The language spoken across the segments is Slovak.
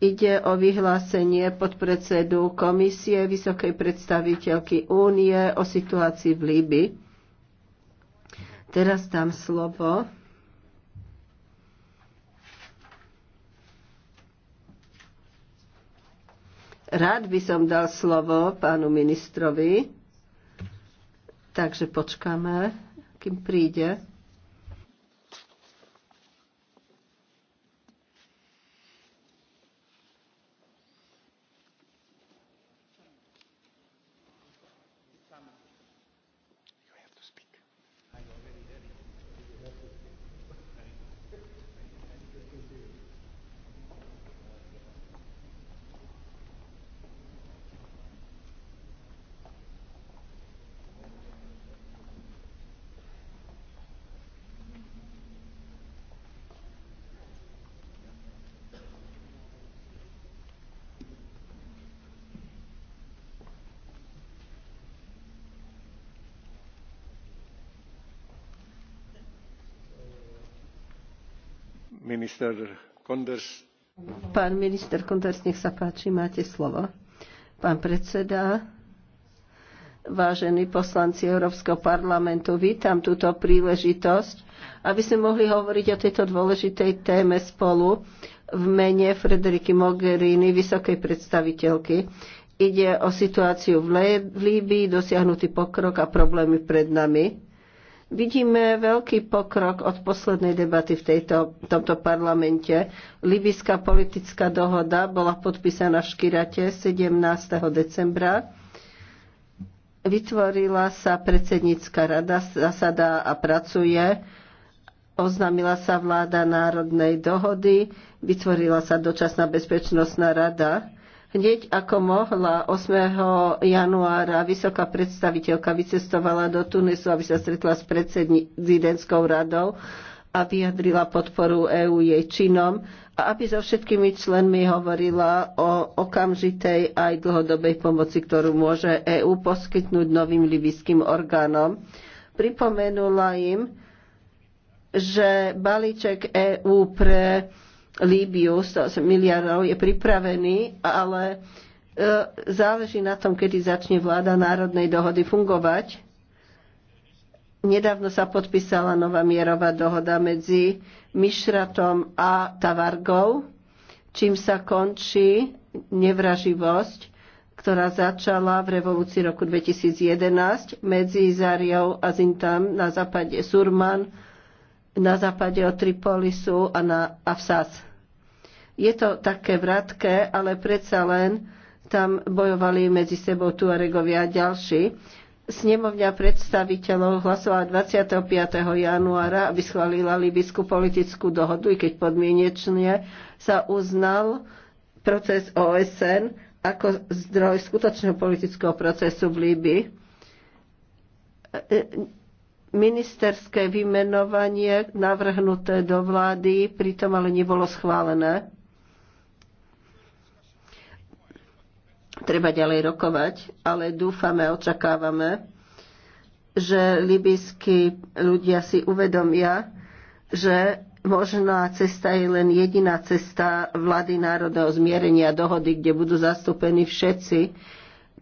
Ide o vyhlásenie podpredsedu Komisie Vysokej predstaviteľky Únie o situácii v Líby. Teraz dám slovo Rád by som dal slovo pánu ministrovi, takže počkáme, kým príde. Pán minister Konders, nech sa páči, máte slovo. Pán predseda, vážení poslanci Európskeho parlamentu. Vítam túto príležitosť, aby sme mohli hovoriť o tejto dôležitej téme spolu v mene Frederiky Mogherini, vysokej predstaviteľky. Ide o situáciu v, Líbii, dosiahnutý pokrok a problémy pred nami. Vidíme veľký pokrok od poslednej debaty v tejto, tomto parlamente. Libyská politická dohoda bola podpísaná v Škirate 17. decembra. Vytvorila sa predsednícka rada, zasadá a pracuje. Oznámila sa vláda národnej dohody, vytvorila sa dočasná bezpečnostná rada Hneď ako mohla 8. januára vysoká predstaviteľka vycestovala do Tunisu, aby sa stretla s prezidentskou radou a vyjadrila podporu EÚ jej činom a aby so všetkými členmi hovorila o okamžitej aj dlhodobej pomoci, ktorú môže EÚ poskytnúť novým libyským orgánom. Pripomenula im, že balíček EÚ pre Líbiu, 108 miliardov je pripravený, ale e, záleží na tom, kedy začne vláda národnej dohody fungovať. Nedávno sa podpísala nová mierová dohoda medzi Mišratom a Tavargou, čím sa končí nevraživosť, ktorá začala v revolúcii roku 2011 medzi Zariou a Zintam na západe Surman na západe od Tripolisu a, na, a Je to také vratké, ale predsa len tam bojovali medzi sebou Tuaregovia a ďalší. Snemovňa predstaviteľov hlasovala 25. januára, aby schválila libyskú politickú dohodu, i keď podmienečne sa uznal proces OSN ako zdroj skutočného politického procesu v Líbi ministerské vymenovanie navrhnuté do vlády, pritom ale nebolo schválené. Treba ďalej rokovať, ale dúfame, očakávame, že libyskí ľudia si uvedomia, že možná cesta je len jediná cesta vlády národného zmierenia dohody, kde budú zastúpení všetci.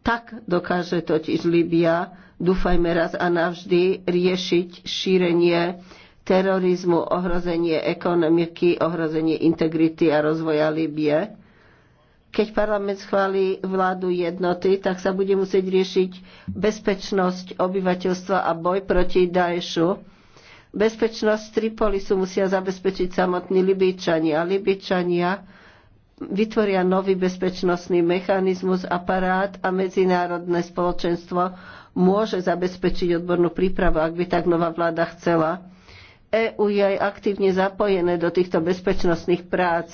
Tak dokáže totiž Libia dúfajme raz a navždy riešiť šírenie terorizmu, ohrozenie ekonomiky, ohrozenie integrity a rozvoja Libie. Keď parlament schválí vládu jednoty, tak sa bude musieť riešiť bezpečnosť obyvateľstva a boj proti Daešu. Bezpečnosť Tripolisu musia zabezpečiť samotní Libíčania. Libíčania vytvoria nový bezpečnostný mechanizmus, aparát a medzinárodné spoločenstvo môže zabezpečiť odbornú prípravu, ak by tak nová vláda chcela. EÚ je aj aktívne zapojené do týchto bezpečnostných prác.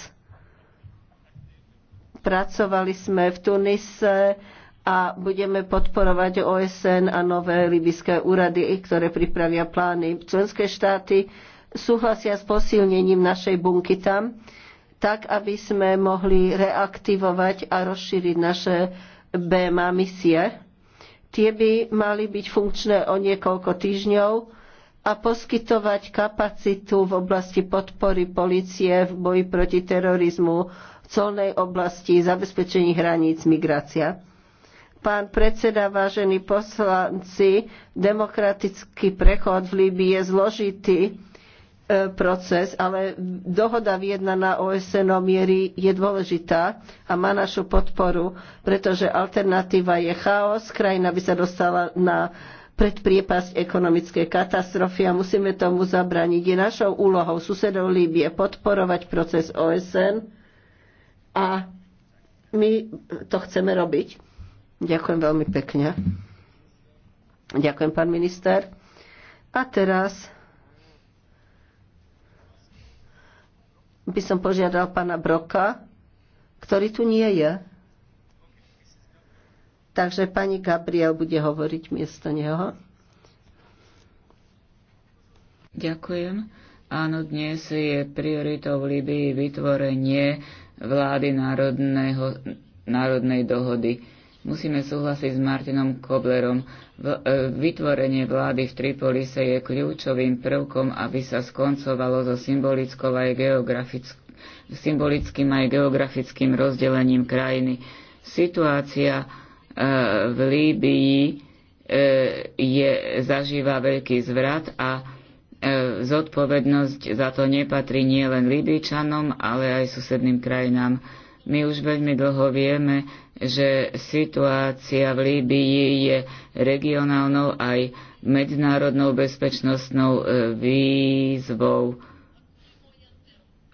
Pracovali sme v Tunise a budeme podporovať OSN a nové libyské úrady, ktoré pripravia plány. Členské štáty súhlasia s posilnením našej bunky tam, tak aby sme mohli reaktivovať a rozšíriť naše BMA misie Tie by mali byť funkčné o niekoľko týždňov a poskytovať kapacitu v oblasti podpory policie v boji proti terorizmu, v colnej oblasti, zabezpečení hraníc, migrácia. Pán predseda, vážení poslanci, demokratický prechod v Líbii je zložitý E, proces, ale dohoda vyjednaná OSN o miery je dôležitá a má našu podporu, pretože alternatíva je chaos, krajina by sa dostala na predpriepasť ekonomickej katastrofy a musíme tomu zabrániť. Je našou úlohou susedov Líbie podporovať proces OSN a my to chceme robiť. Ďakujem veľmi pekne. Ďakujem, pán minister. A teraz by som požiadal pána Broka, ktorý tu nie je. Takže pani Gabriel bude hovoriť miesto neho. Ďakujem. Áno, dnes je prioritou v Libii vytvorenie vlády národného, národnej dohody. Musíme súhlasiť s Martinom Koblerom. E, vytvorenie vlády v Tripolise je kľúčovým prvkom, aby sa skoncovalo so symbolickou aj symbolickým aj geografickým rozdelením krajiny. Situácia e, v Líbii e, je, zažíva veľký zvrat a zodpovednosť za to nepatrí nielen Libyčanom, ale aj susedným krajinám. My už veľmi dlho vieme, že situácia v Líbii je regionálnou aj medzinárodnou bezpečnostnou e, výzvou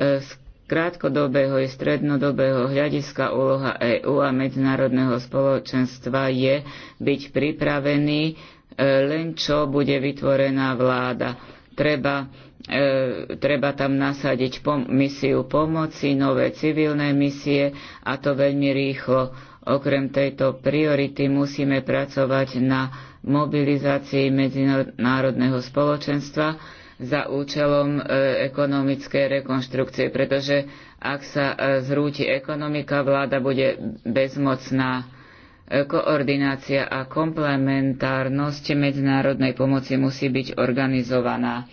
e, z krátkodobého i strednodobého hľadiska úloha EÚ a medzinárodného spoločenstva je byť pripravený e, len čo bude vytvorená vláda. Treba, e, treba tam nasadiť pom- misiu pomoci, nové civilné misie a to veľmi rýchlo Okrem tejto priority musíme pracovať na mobilizácii medzinárodného spoločenstva za účelom e, ekonomickej rekonštrukcie, pretože ak sa e, zrúti ekonomika, vláda bude bezmocná. E, koordinácia a komplementárnosť medzinárodnej pomoci musí byť organizovaná.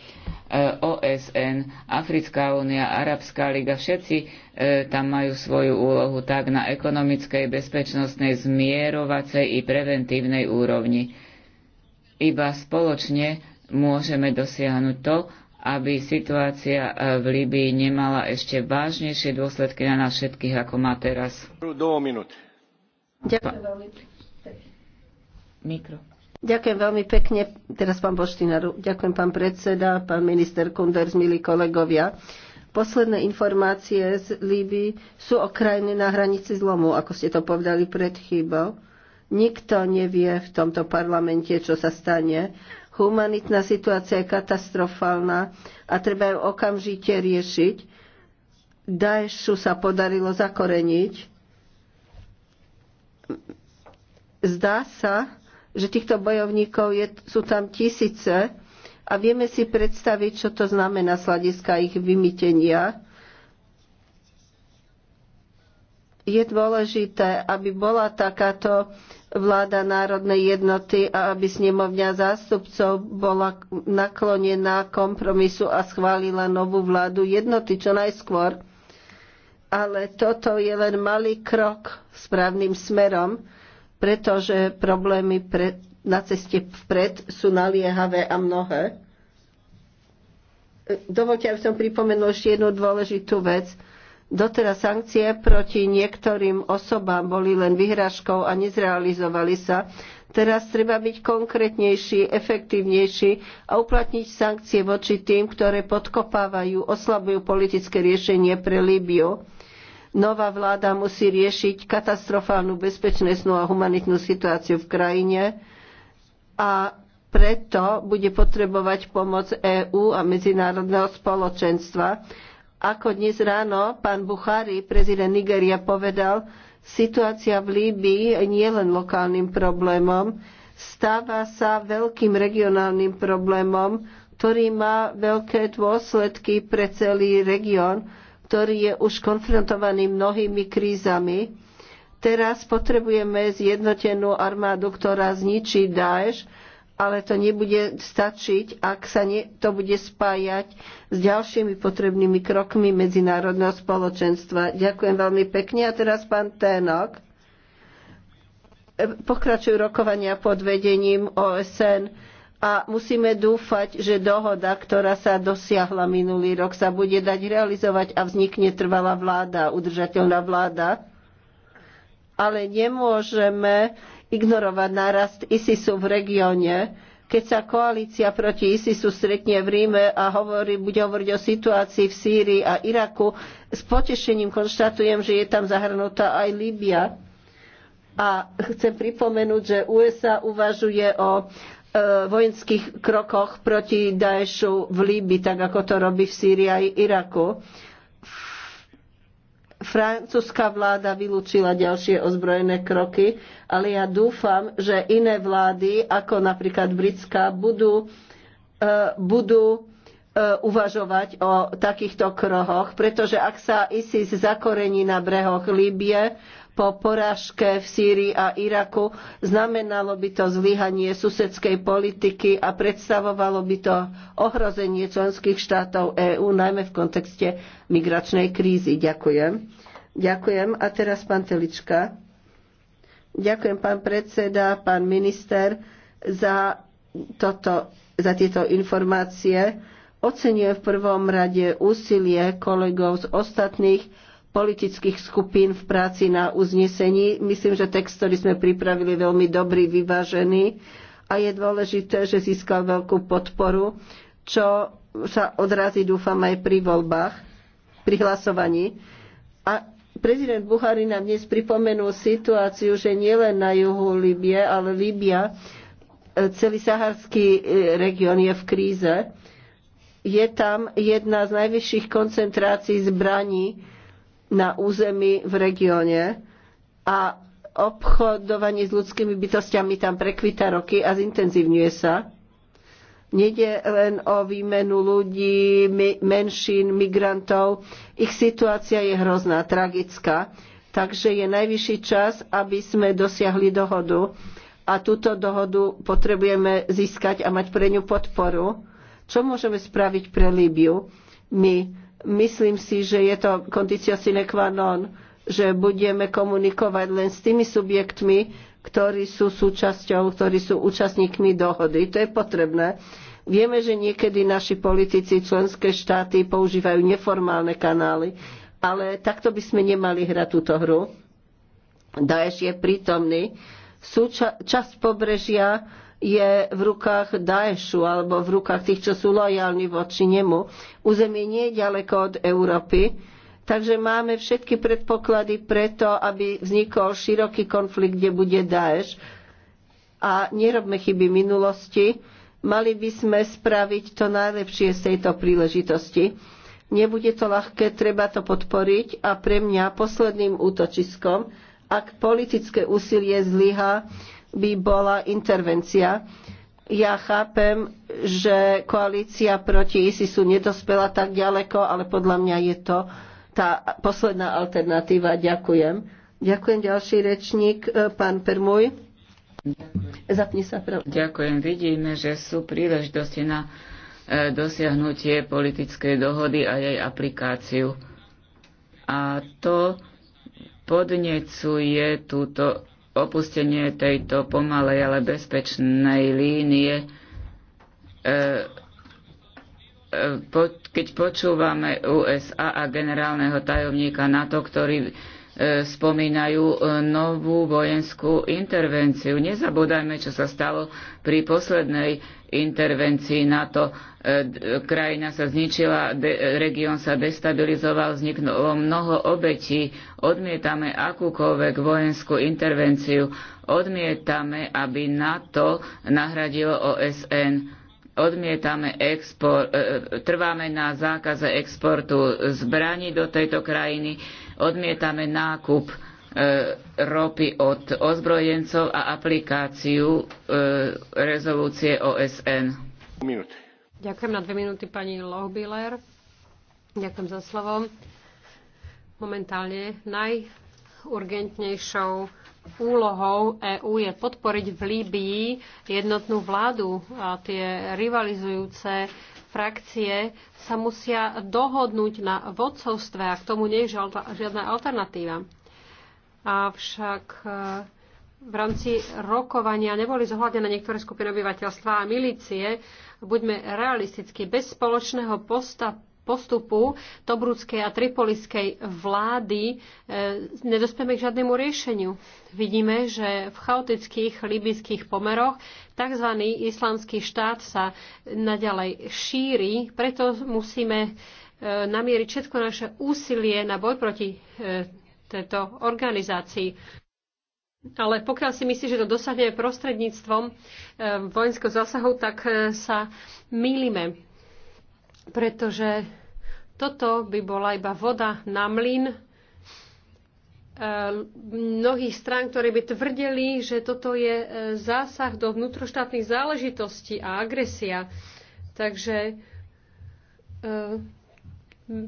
E, OSN, Africká únia, Arabská liga, všetci e, tam majú svoju úlohu tak na ekonomickej, bezpečnostnej, zmierovacej i preventívnej úrovni. Iba spoločne môžeme dosiahnuť to, aby situácia e, v Líbii nemala ešte vážnejšie dôsledky na nás všetkých, ako má teraz. Mikro. Ďakujem veľmi pekne. Teraz pán Boštinaru. Ďakujem pán predseda, pán minister Kunders, milí kolegovia. Posledné informácie z Líby sú o krajine na hranici zlomu, ako ste to povedali pred chybou. Nikto nevie v tomto parlamente, čo sa stane. Humanitná situácia je katastrofálna a treba ju okamžite riešiť. Daešu sa podarilo zakoreniť. Zdá sa, že týchto bojovníkov je, sú tam tisíce a vieme si predstaviť, čo to znamená z hľadiska ich vymytenia. Je dôležité, aby bola takáto vláda národnej jednoty a aby snemovňa zástupcov bola naklonená kompromisu a schválila novú vládu jednoty čo najskôr. Ale toto je len malý krok správnym smerom pretože problémy pre, na ceste vpred sú naliehavé a mnohé. Dovolte, aby som pripomenul ešte jednu dôležitú vec. Doteraz sankcie proti niektorým osobám boli len vyhražkou a nezrealizovali sa. Teraz treba byť konkrétnejší, efektívnejší a uplatniť sankcie voči tým, ktoré podkopávajú, oslabujú politické riešenie pre Líbiu Nová vláda musí riešiť katastrofálnu bezpečnostnú a humanitnú situáciu v krajine a preto bude potrebovať pomoc EÚ a medzinárodného spoločenstva. Ako dnes ráno pán Buchari, prezident Nigeria, povedal, situácia v Líbii nie len lokálnym problémom, stáva sa veľkým regionálnym problémom, ktorý má veľké dôsledky pre celý región ktorý je už konfrontovaný mnohými krízami. Teraz potrebujeme zjednotenú armádu, ktorá zničí Daesh, ale to nebude stačiť, ak sa ne, to bude spájať s ďalšími potrebnými krokmi medzinárodného spoločenstva. Ďakujem veľmi pekne. A teraz pán Ténok. E, pokračujú rokovania pod vedením OSN a musíme dúfať, že dohoda, ktorá sa dosiahla minulý rok, sa bude dať realizovať a vznikne trvalá vláda, udržateľná vláda. Ale nemôžeme ignorovať nárast ISISu v regióne. Keď sa koalícia proti ISISu stretne v Ríme a hovorí, bude hovoriť o situácii v Sýrii a Iraku, s potešením konštatujem, že je tam zahrnutá aj Líbia. A chcem pripomenúť, že USA uvažuje o E, vojenských krokoch proti Daešu v Líbi, tak ako to robí v Sýrii a Iraku. Francúzska vláda vylúčila ďalšie ozbrojené kroky, ale ja dúfam, že iné vlády, ako napríklad britská, budú, e, budú e, uvažovať o takýchto krohoch, pretože ak sa ISIS zakorení na brehoch Líbie, po porážke v Sýrii a Iraku. Znamenalo by to zlyhanie susedskej politiky a predstavovalo by to ohrozenie členských štátov EÚ, najmä v kontexte migračnej krízy. Ďakujem. Ďakujem. A teraz pán Telička. Ďakujem pán predseda, pán minister za, toto, za tieto informácie. Oceňujem v prvom rade úsilie kolegov z ostatných politických skupín v práci na uznesení. Myslím, že text, ktorý sme pripravili, je veľmi dobrý, vyvážený a je dôležité, že získal veľkú podporu, čo sa odrazí, dúfam, aj pri voľbách, pri hlasovaní. A prezident Buhari nám dnes pripomenul situáciu, že nielen na juhu Libie, ale Libia, e, celý saharský e, región je v kríze je tam jedna z najvyšších koncentrácií zbraní na území v regióne a obchodovanie s ľudskými bytostiami tam prekvita roky a zintenzívňuje sa. Nede len o výmenu ľudí, menšín, migrantov. Ich situácia je hrozná, tragická. Takže je najvyšší čas, aby sme dosiahli dohodu. A túto dohodu potrebujeme získať a mať pre ňu podporu. Čo môžeme spraviť pre Líbiu? My Myslím si, že je to kondícia sine qua non, že budeme komunikovať len s tými subjektmi, ktorí sú súčasťou, ktorí sú účastníkmi dohody. To je potrebné. Vieme, že niekedy naši politici, členské štáty používajú neformálne kanály, ale takto by sme nemali hrať túto hru. Daesh je prítomný. Súča- časť pobrežia je v rukách Daešu alebo v rukách tých, čo sú lojálni voči nemu. Územie nie je ďaleko od Európy, takže máme všetky predpoklady preto, aby vznikol široký konflikt, kde bude Daeš. A nerobme chyby minulosti, mali by sme spraviť to najlepšie z tejto príležitosti. Nebude to ľahké, treba to podporiť a pre mňa posledným útočiskom, ak politické úsilie zlyhá, by bola intervencia. Ja chápem, že koalícia proti ISISu nedospela tak ďaleko, ale podľa mňa je to tá posledná alternatíva. Ďakujem. Ďakujem ďalší rečník, e, pán Permuj. Zapni sa prv. Ďakujem. Vidíme, že sú príležitosti na e, dosiahnutie politickej dohody a jej aplikáciu. A to podnecuje túto opustenie tejto pomalej, ale bezpečnej línie, e, e, keď počúvame USA a generálneho tajomníka NATO, ktorí e, spomínajú novú vojenskú intervenciu. Nezabúdajme, čo sa stalo pri poslednej intervencií NATO. E, krajina sa zničila, e, región sa destabilizoval, vzniklo mnoho obetí. Odmietame akúkoľvek vojenskú intervenciu. Odmietame, aby NATO nahradilo OSN odmietame export, e, trváme na zákaze exportu zbraní do tejto krajiny, odmietame nákup E, ropy od ozbrojencov a aplikáciu e, rezolúcie OSN. Ďakujem na dve minúty pani Lohbiller. Ďakujem za slovo. Momentálne najurgentnejšou úlohou EÚ je podporiť v Líbii jednotnú vládu a tie rivalizujúce frakcie sa musia dohodnúť na vodcovstve a k tomu nie je žiadna alternatíva avšak eh, v rámci rokovania neboli zohľadené niektoré skupiny obyvateľstva a milície. Buďme realisticky, bez spoločného posta, postupu Tobrudskej a Tripoliskej vlády e, eh, nedospieme k žiadnemu riešeniu. Vidíme, že v chaotických libyských pomeroch tzv. islamský štát sa naďalej šíri, preto musíme e, namieriť všetko naše úsilie na boj proti e, tejto organizácii. Ale pokiaľ si myslí, že to dosahneme prostredníctvom eh, vojenského zásahu, tak eh, sa mýlime. Pretože toto by bola iba voda na mlyn eh, mnohých strán, ktoré by tvrdili, že toto je zásah do vnútroštátnych záležitostí a agresia. Takže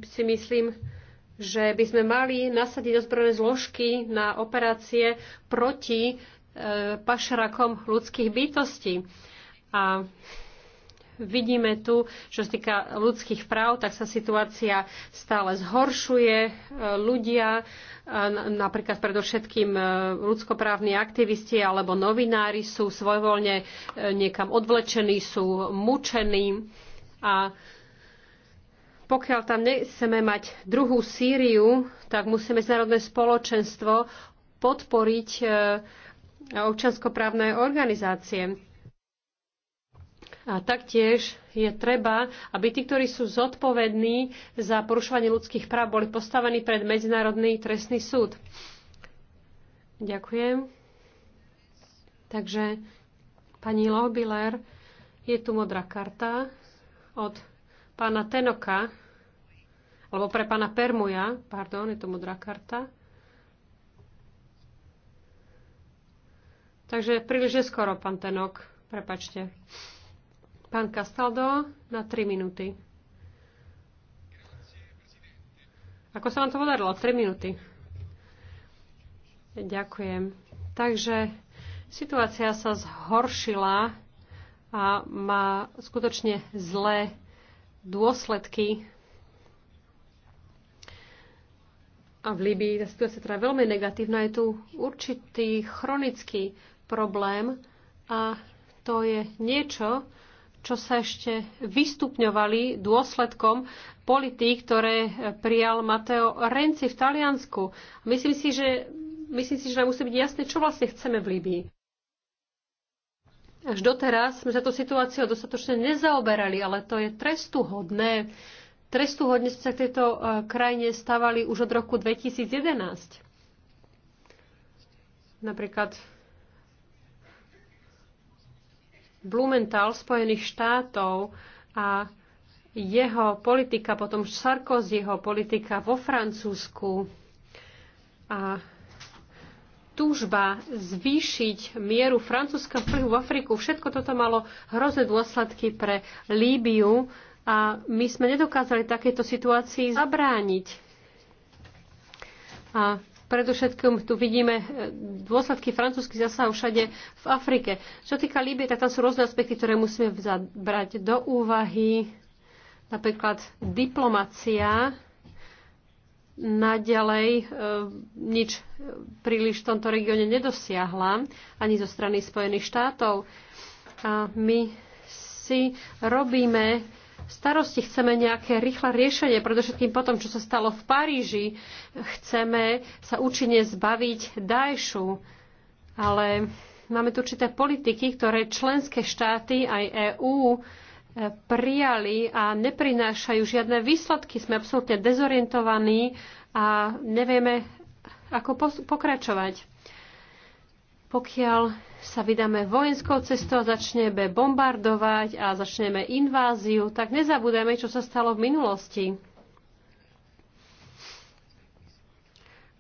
si myslím, že by sme mali nasadiť ozbrojené zložky na operácie proti e, pašrakom ľudských bytostí. A vidíme tu, čo sa týka ľudských práv, tak sa situácia stále zhoršuje. E, ľudia, e, napríklad predovšetkým e, ľudskoprávni aktivisti alebo novinári sú svojvoľne niekam odvlečení, sú mučení a pokiaľ tam nechceme mať druhú Sýriu, tak musíme medzinárodné spoločenstvo podporiť e, občanskoprávne organizácie. A taktiež je treba, aby tí, ktorí sú zodpovední za porušovanie ľudských práv, boli postavení pred Medzinárodný trestný súd. Ďakujem. Takže pani Lohbiller, je tu modrá karta od pána Tenoka, alebo pre pána Permuja, pardon, je to modrá karta. Takže príliš neskoro, pán Tenok, prepačte. Pán Castaldo, na 3 minúty. Ako sa vám to podarilo? 3 minúty. Ďakujem. Takže situácia sa zhoršila a má skutočne zlé dôsledky. A v Líbii tá situácia teda je veľmi negatívna. Je tu určitý chronický problém a to je niečo, čo sa ešte vystupňovali dôsledkom politík, ktoré prijal Mateo Renzi v Taliansku. Myslím si, že, myslím si, že musí byť jasné, čo vlastne chceme v Líbii. Až doteraz sme sa to situáciu dostatočne nezaoberali, ale to je trestuhodné. Trestuhodne sme sa k tejto e, krajine stávali už od roku 2011. Napríklad Blumenthal Spojených štátov a jeho politika, potom Sarkozyho politika vo Francúzsku a túžba zvýšiť mieru francúzského vplyvu v Afriku, všetko toto malo hrozné dôsledky pre Líbiu a my sme nedokázali takéto situácii zabrániť. A predovšetkým tu vidíme e, dôsledky francúzskych zasahov všade v Afrike. Čo týka Líbie, tak tam sú rôzne aspekty, ktoré musíme brať do úvahy. Napríklad diplomacia naďalej e, nič príliš v tomto regióne nedosiahla, ani zo strany Spojených štátov. A my si robíme starosti, chceme nejaké rýchle riešenie, pretože tým potom, čo sa stalo v Paríži, chceme sa účinne zbaviť Dajšu, ale máme tu určité politiky, ktoré členské štáty aj EÚ E, prijali a neprinášajú žiadne výsledky. Sme absolútne dezorientovaní a nevieme, ako pokračovať. Pokiaľ sa vydáme vojenskou cestou, začneme bombardovať a začneme inváziu, tak nezabudeme, čo sa stalo v minulosti.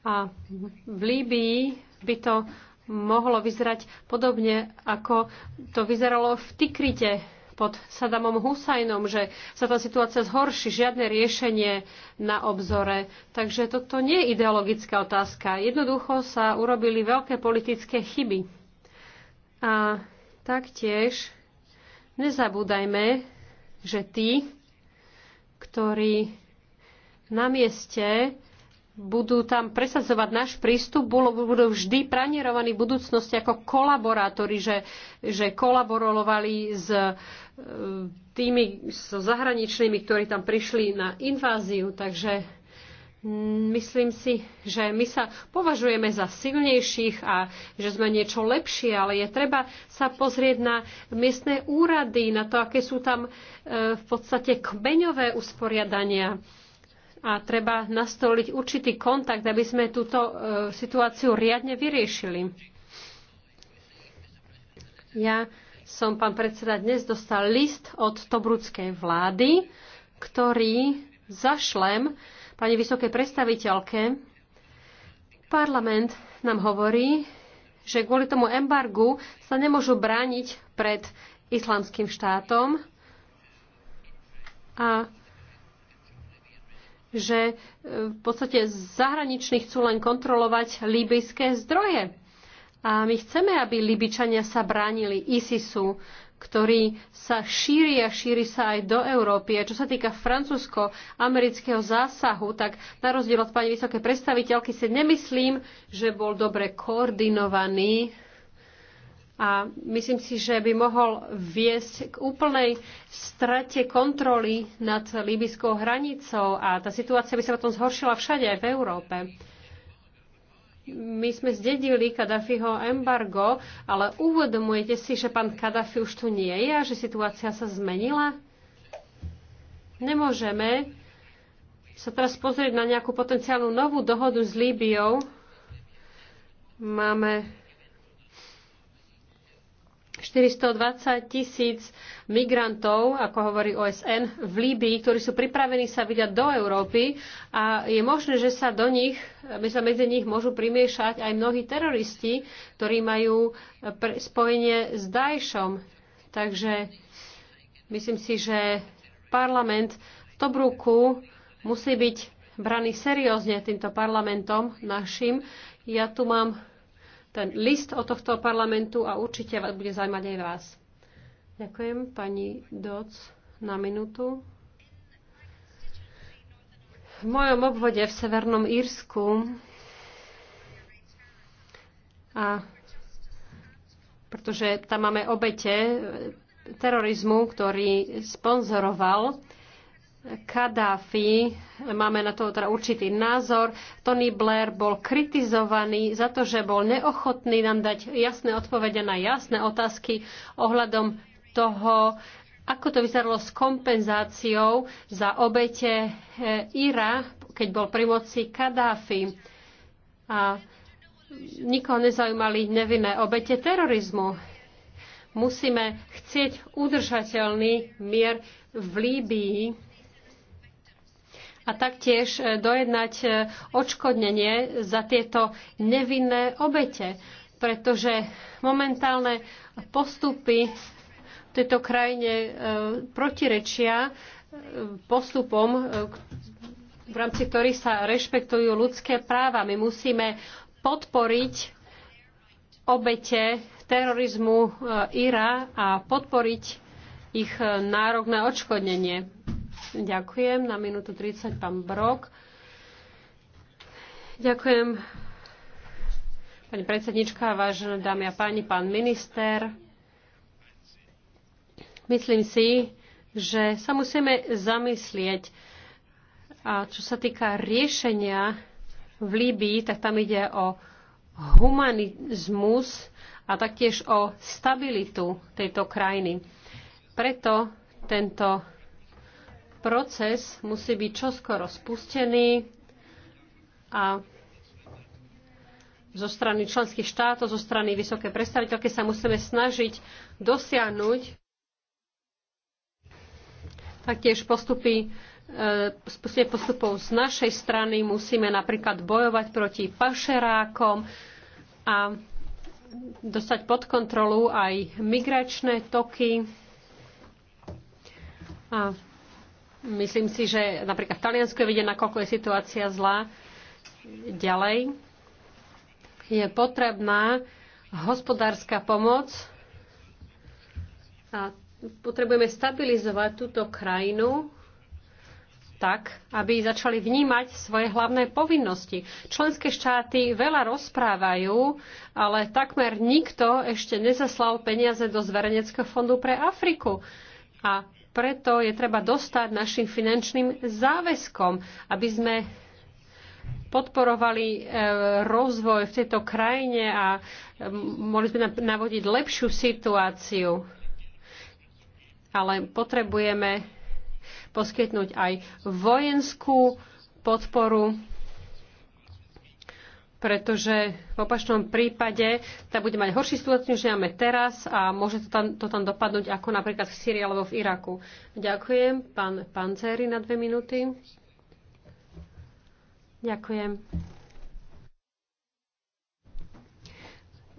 A v Líbii by to mohlo vyzerať podobne, ako to vyzeralo v Tikrite pod Sadamom Husajnom, že sa tá situácia zhorší, žiadne riešenie na obzore. Takže toto nie je ideologická otázka. Jednoducho sa urobili veľké politické chyby. A taktiež nezabúdajme, že tí, ktorí na mieste budú tam presadzovať náš prístup, budú vždy pranierovaní v budúcnosti ako kolaborátori, že, že kolaborovali s e, tými so zahraničnými, ktorí tam prišli na inváziu. Takže mm, myslím si, že my sa považujeme za silnejších a že sme niečo lepšie, ale je treba sa pozrieť na miestne úrady, na to, aké sú tam e, v podstate kmeňové usporiadania a treba nastoliť určitý kontakt, aby sme túto e, situáciu riadne vyriešili. Ja som, pán predseda, dnes dostal list od Tobrudskej vlády, ktorý zašlem pani vysokej predstaviteľke. Parlament nám hovorí, že kvôli tomu embargu sa nemôžu brániť pred islamským štátom a že e, v podstate zahraniční chcú len kontrolovať líbyjské zdroje. A my chceme, aby Libyčania sa bránili ISISu, ktorý sa šíri a šíri sa aj do Európy. A čo sa týka francúzsko-amerického zásahu, tak na rozdiel od pani vysokej predstaviteľky si nemyslím, že bol dobre koordinovaný a myslím si, že by mohol viesť k úplnej strate kontroly nad líbyskou hranicou a tá situácia by sa potom zhoršila všade aj v Európe. My sme zdedili Kadafiho embargo, ale uvedomujete si, že pán Kadafi už tu nie je a že situácia sa zmenila? Nemôžeme sa teraz pozrieť na nejakú potenciálnu novú dohodu s Líbiou. Máme 420 tisíc migrantov, ako hovorí OSN, v Líbii, ktorí sú pripravení sa vydať do Európy a je možné, že sa do nich, sa medzi nich môžu primiešať aj mnohí teroristi, ktorí majú spojenie s Dajšom. Takže myslím si, že parlament v Tobruku musí byť braný seriózne týmto parlamentom našim. Ja tu mám ten list od tohto parlamentu a určite bude zaujímať aj vás. Ďakujem. Pani Doc na minútu. V mojom obvode v Severnom Írsku a pretože tam máme obete terorizmu, ktorý sponzoroval Kadáfi, máme na to teda určitý názor. Tony Blair bol kritizovaný za to, že bol neochotný nám dať jasné odpovede na jasné otázky ohľadom toho, ako to vyzeralo s kompenzáciou za obete eh, Ira, keď bol pri moci Kadáfi. A nikoho nezaujímali nevinné obete terorizmu. Musíme chcieť udržateľný mier v Líbii a taktiež e, dojednať e, odškodnenie za tieto nevinné obete, pretože momentálne postupy v tejto krajine e, protirečia postupom, v rámci ktorých sa rešpektujú ľudské práva. My musíme podporiť obete terorizmu Ira a podporiť ich nárok na odškodnenie. Ďakujem. Na minútu 30 pán Brok. Ďakujem. Pani predsednička, vážené dámy a páni, pán minister. Myslím si, že sa musíme zamyslieť. A čo sa týka riešenia v Líbii, tak tam ide o humanizmus a taktiež o stabilitu tejto krajiny. Preto tento Proces musí byť čoskoro spustený a zo strany členských štátov, zo strany vysoké predstaviteľky sa musíme snažiť dosiahnuť taktiež postupy e, spustenie postupov z našej strany musíme napríklad bojovať proti pašerákom a dostať pod kontrolu aj migračné toky. A Myslím si, že napríklad v Taliansku je vidieť, nakoľko je situácia zlá. Ďalej je potrebná hospodárska pomoc a potrebujeme stabilizovať túto krajinu tak, aby začali vnímať svoje hlavné povinnosti. Členské štáty veľa rozprávajú, ale takmer nikto ešte nezaslal peniaze do Zverejneckého fondu pre Afriku. A preto je treba dostať našim finančným záväzkom, aby sme podporovali e, rozvoj v tejto krajine a e, mohli sme navodiť lepšiu situáciu. Ale potrebujeme poskytnúť aj vojenskú podporu pretože v opačnom prípade tá bude mať horší situáciu, než máme teraz a môže to tam, to tam dopadnúť ako napríklad v Syrii alebo v Iraku. Ďakujem. Pán Panzeri na dve minúty. Ďakujem.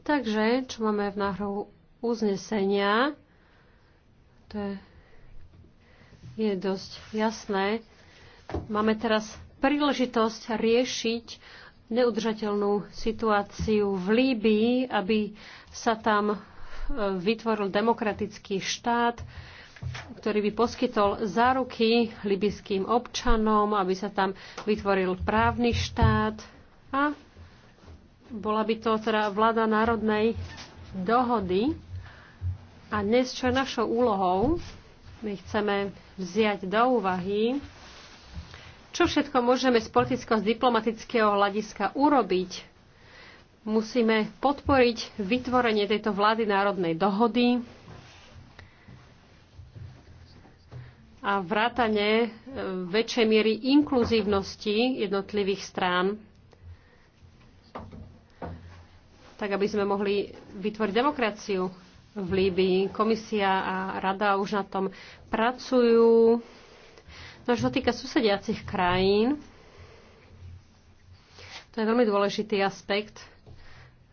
Takže, čo máme v návrhu uznesenia, to je, je dosť jasné. Máme teraz príležitosť riešiť neudržateľnú situáciu v Líbii, aby sa tam e, vytvoril demokratický štát, ktorý by poskytol záruky libyským občanom, aby sa tam vytvoril právny štát a bola by to teda vláda národnej dohody. A dnes, čo je našou úlohou, my chceme vziať do úvahy čo všetko môžeme z politického, z diplomatického hľadiska urobiť? Musíme podporiť vytvorenie tejto vlády národnej dohody a vrátanie e, väčšej miery inkluzívnosti jednotlivých strán, tak aby sme mohli vytvoriť demokraciu v Líbii. Komisia a rada už na tom pracujú. No čo sa týka susediacich krajín, to je veľmi dôležitý aspekt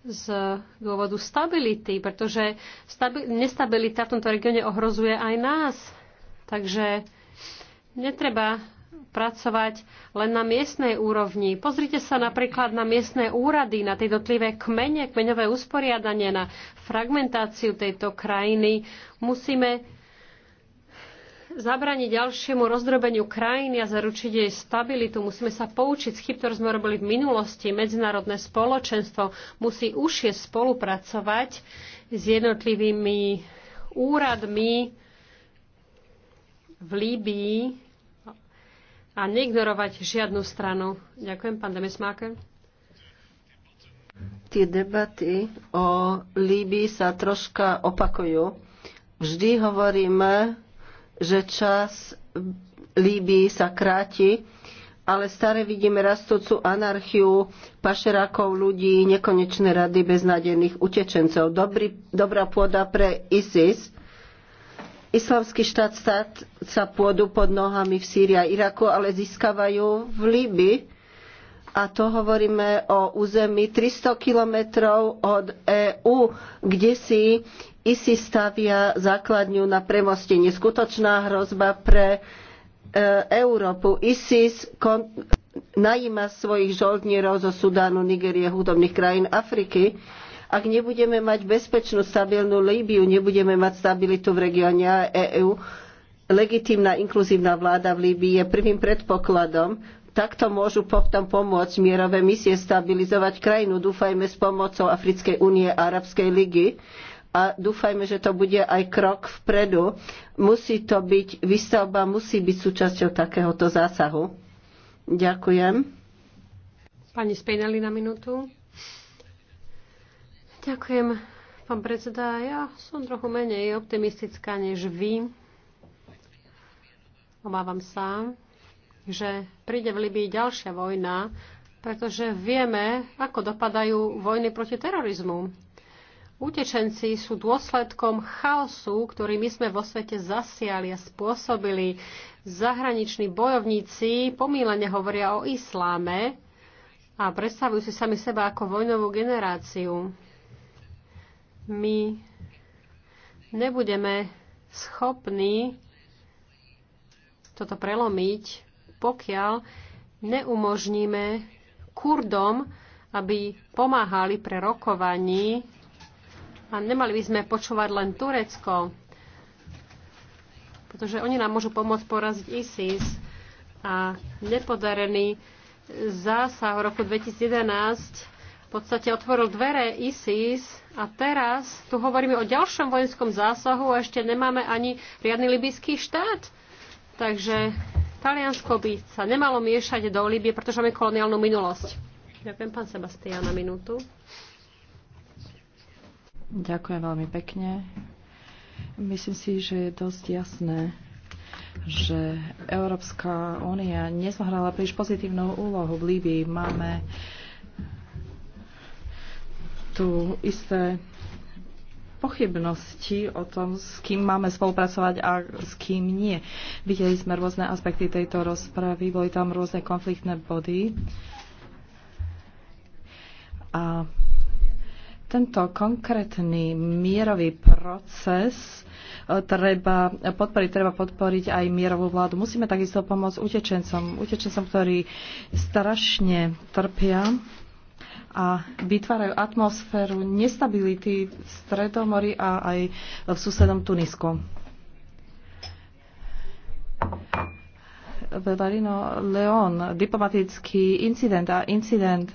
z dôvodu stability, pretože stabi- nestabilita v tomto regióne ohrozuje aj nás. Takže netreba pracovať len na miestnej úrovni. Pozrite sa napríklad na miestne úrady, na tie dotlivé kmene, kmeňové usporiadanie, na fragmentáciu tejto krajiny. Musíme zabrániť ďalšiemu rozdrobeniu krajiny a zaručiť jej stabilitu. Musíme sa poučiť z chyb, ktoré sme robili v minulosti. Medzinárodné spoločenstvo musí užšie spolupracovať s jednotlivými úradmi v Líbii a neignorovať žiadnu stranu. Ďakujem, pán Demesmáker. Tie debaty o Líbii sa troška opakujú. Vždy hovoríme že čas Líbii sa kráti, ale stále vidíme rastúcu anarchiu, pašerákov ľudí, nekonečné rady beznadených utečencov. Dobrý, dobrá pôda pre ISIS. Islamský štát stát sa pôdu pod nohami v Sýrii a Iraku, ale získavajú v Líbii. A to hovoríme o území 300 kilometrov od EÚ, kde si ISIS stavia základňu na premostení. Skutočná hrozba pre e, Európu. ISIS kon, najíma svojich žoldnierov zo Sudánu, Nigérie, hudobných krajín Afriky. Ak nebudeme mať bezpečnú, stabilnú Líbiu, nebudeme mať stabilitu v regióne a EÚ, legitímna inkluzívna vláda v Líbii je prvým predpokladom. Takto môžu potom pomôcť mierové misie stabilizovať krajinu, dúfajme s pomocou Africkej únie a Arabskej ligy a dúfajme, že to bude aj krok vpredu. Musí to byť, výstavba musí byť súčasťou takéhoto zásahu. Ďakujem. Pani Spejnali na minútu. Ďakujem, pán predseda. Ja som trochu menej optimistická než vy. Obávam sa, že príde v Libii ďalšia vojna, pretože vieme, ako dopadajú vojny proti terorizmu Utečenci sú dôsledkom chaosu, ktorý my sme vo svete zasiali a spôsobili. Zahraniční bojovníci pomílene hovoria o isláme a predstavujú si sami seba ako vojnovú generáciu. My nebudeme schopní toto prelomiť, pokiaľ neumožníme Kurdom, aby pomáhali pre rokovaní a nemali by sme počúvať len Turecko, pretože oni nám môžu pomôcť poraziť ISIS. A nepodarený zásah v roku 2011 v podstate otvoril dvere ISIS a teraz tu hovoríme o ďalšom vojenskom zásahu a ešte nemáme ani riadny libyský štát. Takže Taliansko by sa nemalo miešať do Libie, pretože máme koloniálnu minulosť. Ďakujem, pán Sebastián, na minútu. Ďakujem veľmi pekne. Myslím si, že je dosť jasné, že Európska únia nezohrala príliš pozitívnu úlohu v Líbii. Máme tu isté pochybnosti o tom, s kým máme spolupracovať a s kým nie. Videli sme rôzne aspekty tejto rozpravy, boli tam rôzne konfliktné body. A tento konkrétny mierový proces e, treba podporiť, treba podporiť aj mierovú vládu. Musíme takisto pomôcť utečencom, utečencom, ktorí strašne trpia a vytvárajú atmosféru nestability v Stredomori a aj v susedom Tunisku. Vevarino Leon, diplomatický incident a incident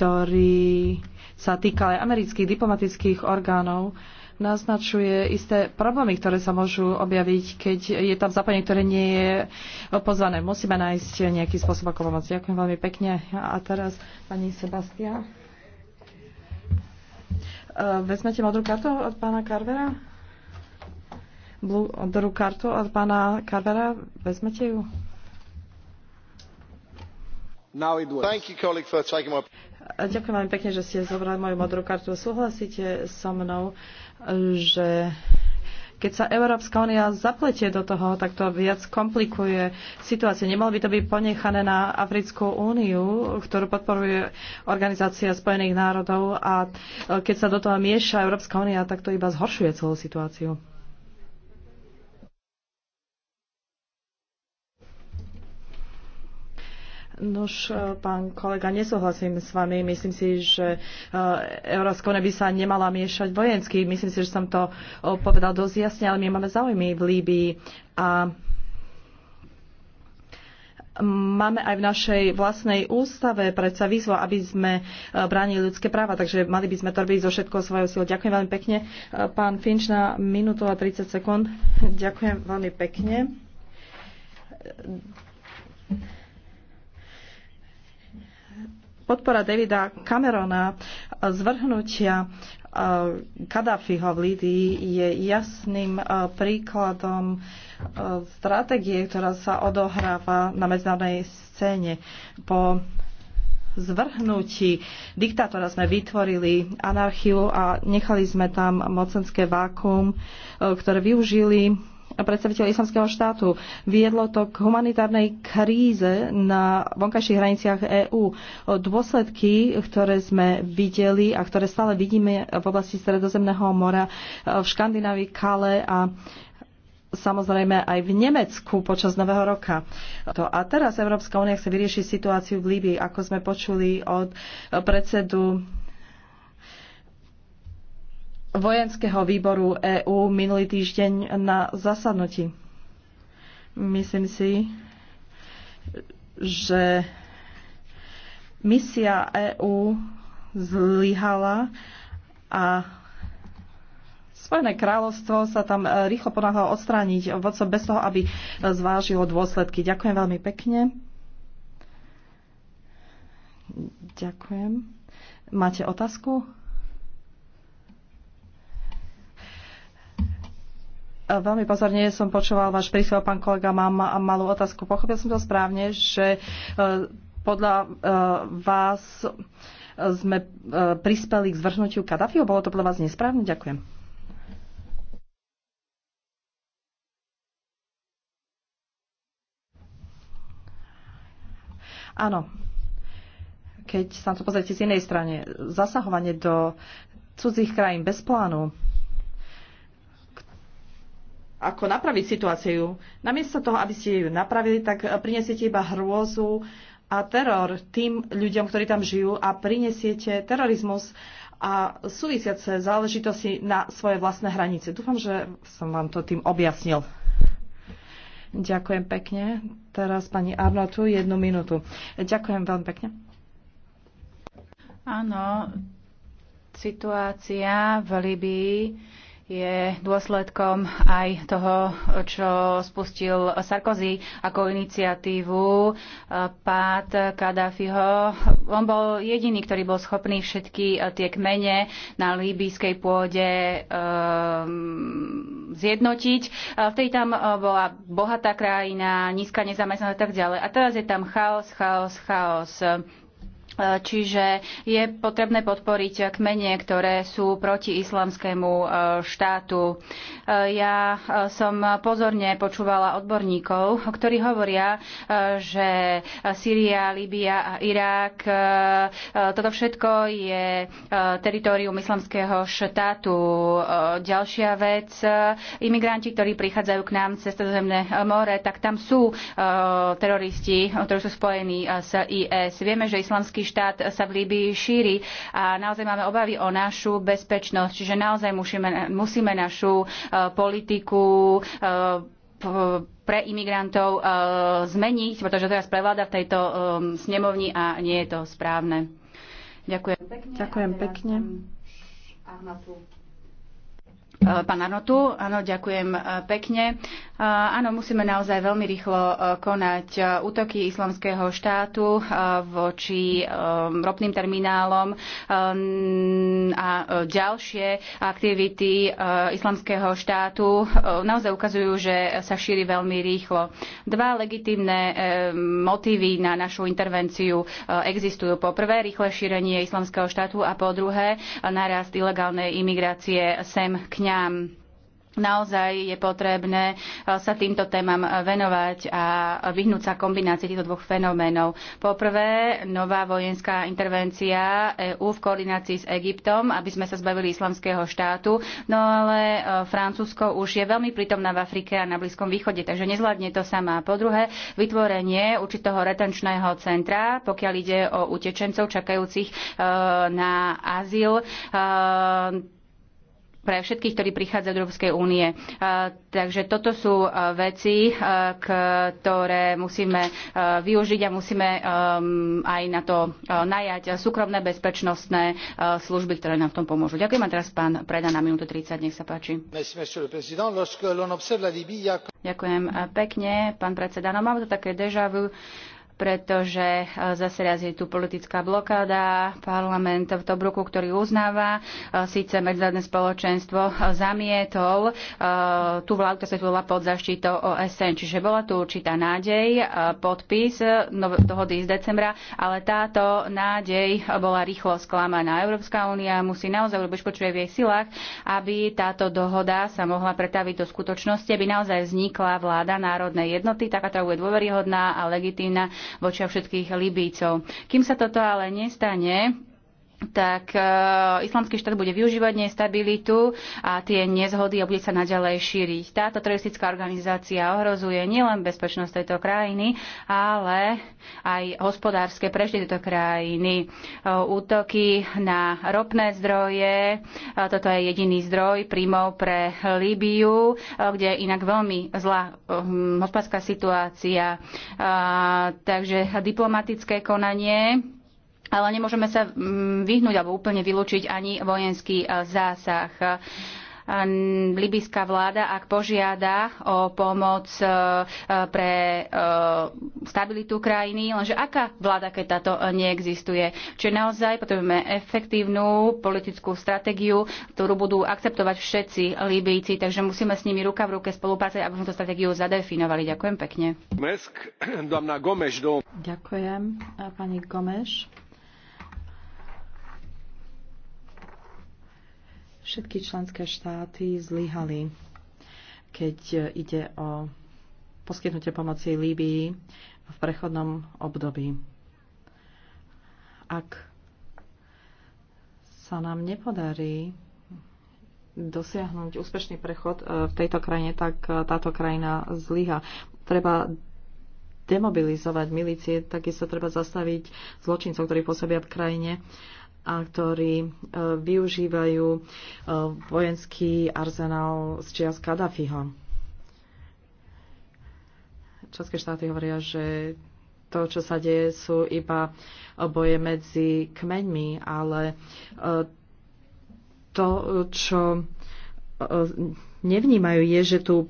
ktorý sa týka aj amerických diplomatických orgánov, naznačuje isté problémy, ktoré sa môžu objaviť, keď je tam zapojenie, ktoré nie je pozvané. Musíme nájsť nejaký spôsob, ako pomôcť. Ďakujem veľmi pekne. A teraz pani Sebastia. Eh, vezmete modrú kartu od pána Carvera? Modrú kartu od pána Carvera? Vezmete ju? You, my... Ďakujem veľmi pekne, že ste zobrali moju modrú kartu. Súhlasíte so mnou, že keď sa Európska únia zapletie do toho, tak to viac komplikuje situáciu. Nemalo by to byť ponechané na Africkú úniu, ktorú podporuje Organizácia spojených národov a keď sa do toho mieša Európska únia, tak to iba zhoršuje celú situáciu. Nož, e, pán kolega, nesúhlasím s vami. Myslím si, že e, Európska únia by sa nemala miešať vojensky. Myslím si, že som to e, povedal dosť jasne, ale my máme záujmy v Líbii a máme aj v našej vlastnej ústave predsa výzvu, aby sme bránili ľudské práva, takže mali by sme to robiť zo všetko svojho silu. Ďakujem veľmi pekne. Pán Finč na minútu a 30 sekúnd. Ďakujem veľmi pekne podpora Davida Camerona e, zvrhnutia e, Kadáfiho v Lídii je jasným e, príkladom stratégie, ktorá sa odohráva na medzinárodnej scéne. Po zvrhnutí diktátora sme vytvorili anarchiu a nechali sme tam mocenské vákum, ktoré využili predstaviteľ islamského štátu. Viedlo to k humanitárnej kríze na vonkajších hraniciach EÚ. Dôsledky, ktoré sme videli a ktoré stále vidíme v oblasti Stredozemného mora, v Škandinávii, Kale a samozrejme aj v Nemecku počas Nového roka. A teraz Európska únia chce vyriešiť situáciu v Líbii, ako sme počuli od predsedu vojenského výboru EÚ minulý týždeň na zasadnutí. Myslím si, že misia EÚ zlyhala a Spojené kráľovstvo sa tam e, rýchlo ponáhlo odstrániť vodcov bez toho, aby e, zvážilo dôsledky. Ďakujem veľmi pekne. Ďakujem. Máte otázku? Veľmi pozorne som počúval váš príspevok, pán kolega, mám malú otázku. Pochopil som to správne, že e, podľa e, vás sme e, prispeli k zvrhnutiu Kadafiho? Bolo to podľa vás nesprávne? Ďakujem. Áno. Keď sa na to pozrite z inej strane, zasahovanie do cudzích krajín bez plánu ako napraviť situáciu. Namiesto toho, aby ste ju napravili, tak prinesiete iba hrôzu a teror tým ľuďom, ktorí tam žijú a prinesiete terorizmus a súvisiace záležitosti na svoje vlastné hranice. Dúfam, že som vám to tým objasnil. Ďakujem pekne. Teraz pani tu jednu minútu. Ďakujem veľmi pekne. Áno, situácia v Libii je dôsledkom aj toho, čo spustil Sarkozy ako iniciatívu e, pád Kadáfiho. On bol jediný, ktorý bol schopný všetky e, tie kmene na líbyskej pôde um, zjednotiť. Vtedy tam bola bohatá krajina, nízka nezamestnanosť a tak ďalej. A teraz je tam chaos, chaos, chaos. E, čiže je potrebné podporiť kmene, ktoré sú proti islamskému e, štátu. E, ja som pozorne počúvala odborníkov, ktorí hovoria, že Sýria, Líbia a Irák, toto všetko je teritorium islamského štátu. Ďalšia vec, imigranti, ktorí prichádzajú k nám cez Stredozemné more, tak tam sú teroristi, ktorí sú spojení s IS. Vieme, že islamský štát sa v Líbii šíri a naozaj máme obavy o našu bezpečnosť. Čiže naozaj musíme, musíme našu e, politiku e, pre imigrantov e, zmeniť, pretože teraz prevláda v tejto snemovni a nie je to správne. Ďakujem pekne. Ďakujem pekne. Eh, pán Arnotu, áno, ďakujem eh, pekne. Eh, áno, musíme naozaj veľmi rýchlo konať útoky islamského štátu voči ropným terminálom a ďalšie aktivity islamského štátu naozaj ukazujú, že sa šíri veľmi rýchlo. Dva legitimné motívy na našu intervenciu existujú. Po prvé, rýchle šírenie islamského štátu a po druhé, narast ilegálnej imigrácie sem kňa zlyhaniam. Naozaj je potrebné eh, sa týmto témam eh, venovať a vyhnúť sa kombinácii týchto dvoch fenoménov. Poprvé, nová vojenská intervencia EÚ v koordinácii s Egyptom, aby sme sa zbavili islamského štátu, no ale eh, Francúzsko už je veľmi prítomná v Afrike a na Blízkom východe, takže nezvládne to sama. Po druhé, vytvorenie určitého retenčného centra, pokiaľ ide o utečencov čakajúcich na azyl pre všetkých, ktorí prichádzajú do Európskej únie. Takže toto sú veci, ktoré musíme využiť a musíme um, aj na to najať súkromné bezpečnostné služby, ktoré nám v tom pomôžu. Ďakujem a teraz pán Preda na minútu 30, nech sa páči. Ďakujem pekne, pán predseda. No mám to také deja vu, pretože e, zase raz je tu politická blokáda, parlament v Tobruku, ktorý uznáva, e, síce medzinárodné spoločenstvo e, zamietol tú vládu, ktorá sa bola pod zaštitou OSN. Čiže bola tu určitá nádej, podpis dohody z decembra, ale táto nádej bola rýchlo sklamaná. Európska únia musí naozaj urobiť, čo je v jej silách, aby táto dohoda sa mohla pretaviť do skutočnosti, aby naozaj vznikla vláda národnej jednoty, taká, ktorá bude dôveryhodná a legitímna voči všetkých Libícov. Kým sa toto ale nestane, tak uh, islamský štát bude využívať nestabilitu a tie nezhody a bude sa naďalej šíriť. Táto teroristická organizácia ohrozuje nielen bezpečnosť tejto krajiny, ale aj hospodárske prežitie tejto krajiny. Uh, útoky na ropné zdroje, uh, toto je jediný zdroj príjmov pre Líbiu, uh, kde je inak veľmi zlá uh, hospodárska situácia. Uh, takže diplomatické konanie ale nemôžeme sa mm, vyhnúť alebo úplne vylúčiť ani vojenský e, zásah. E, libyská vláda, ak požiada o pomoc e, pre stabilitu krajiny, lenže aká vláda, keď táto neexistuje. Čiže naozaj potrebujeme efektívnu politickú stratégiu, ktorú budú akceptovať všetci Libyjci, takže musíme s nimi ruka v ruke spolupracovať, aby sme tú stratégiu zadefinovali. Ďakujem pekne. Ďakujem, pani Gomeš. Všetky členské štáty zlyhali, keď ide o poskytnutie pomoci Líbii v prechodnom období. Ak sa nám nepodarí dosiahnuť úspešný prechod e, v tejto krajine, tak e, táto krajina zlyha. Treba demobilizovať milície, takisto treba zastaviť zločincov, ktorí pôsobia v krajine a ktorí e, využívajú e, vojenský arzenál z čias Kadafiho. České štáty hovoria, že to, čo sa deje, sú iba boje medzi kmeňmi, ale e, to, čo nevnímajú, je, že tu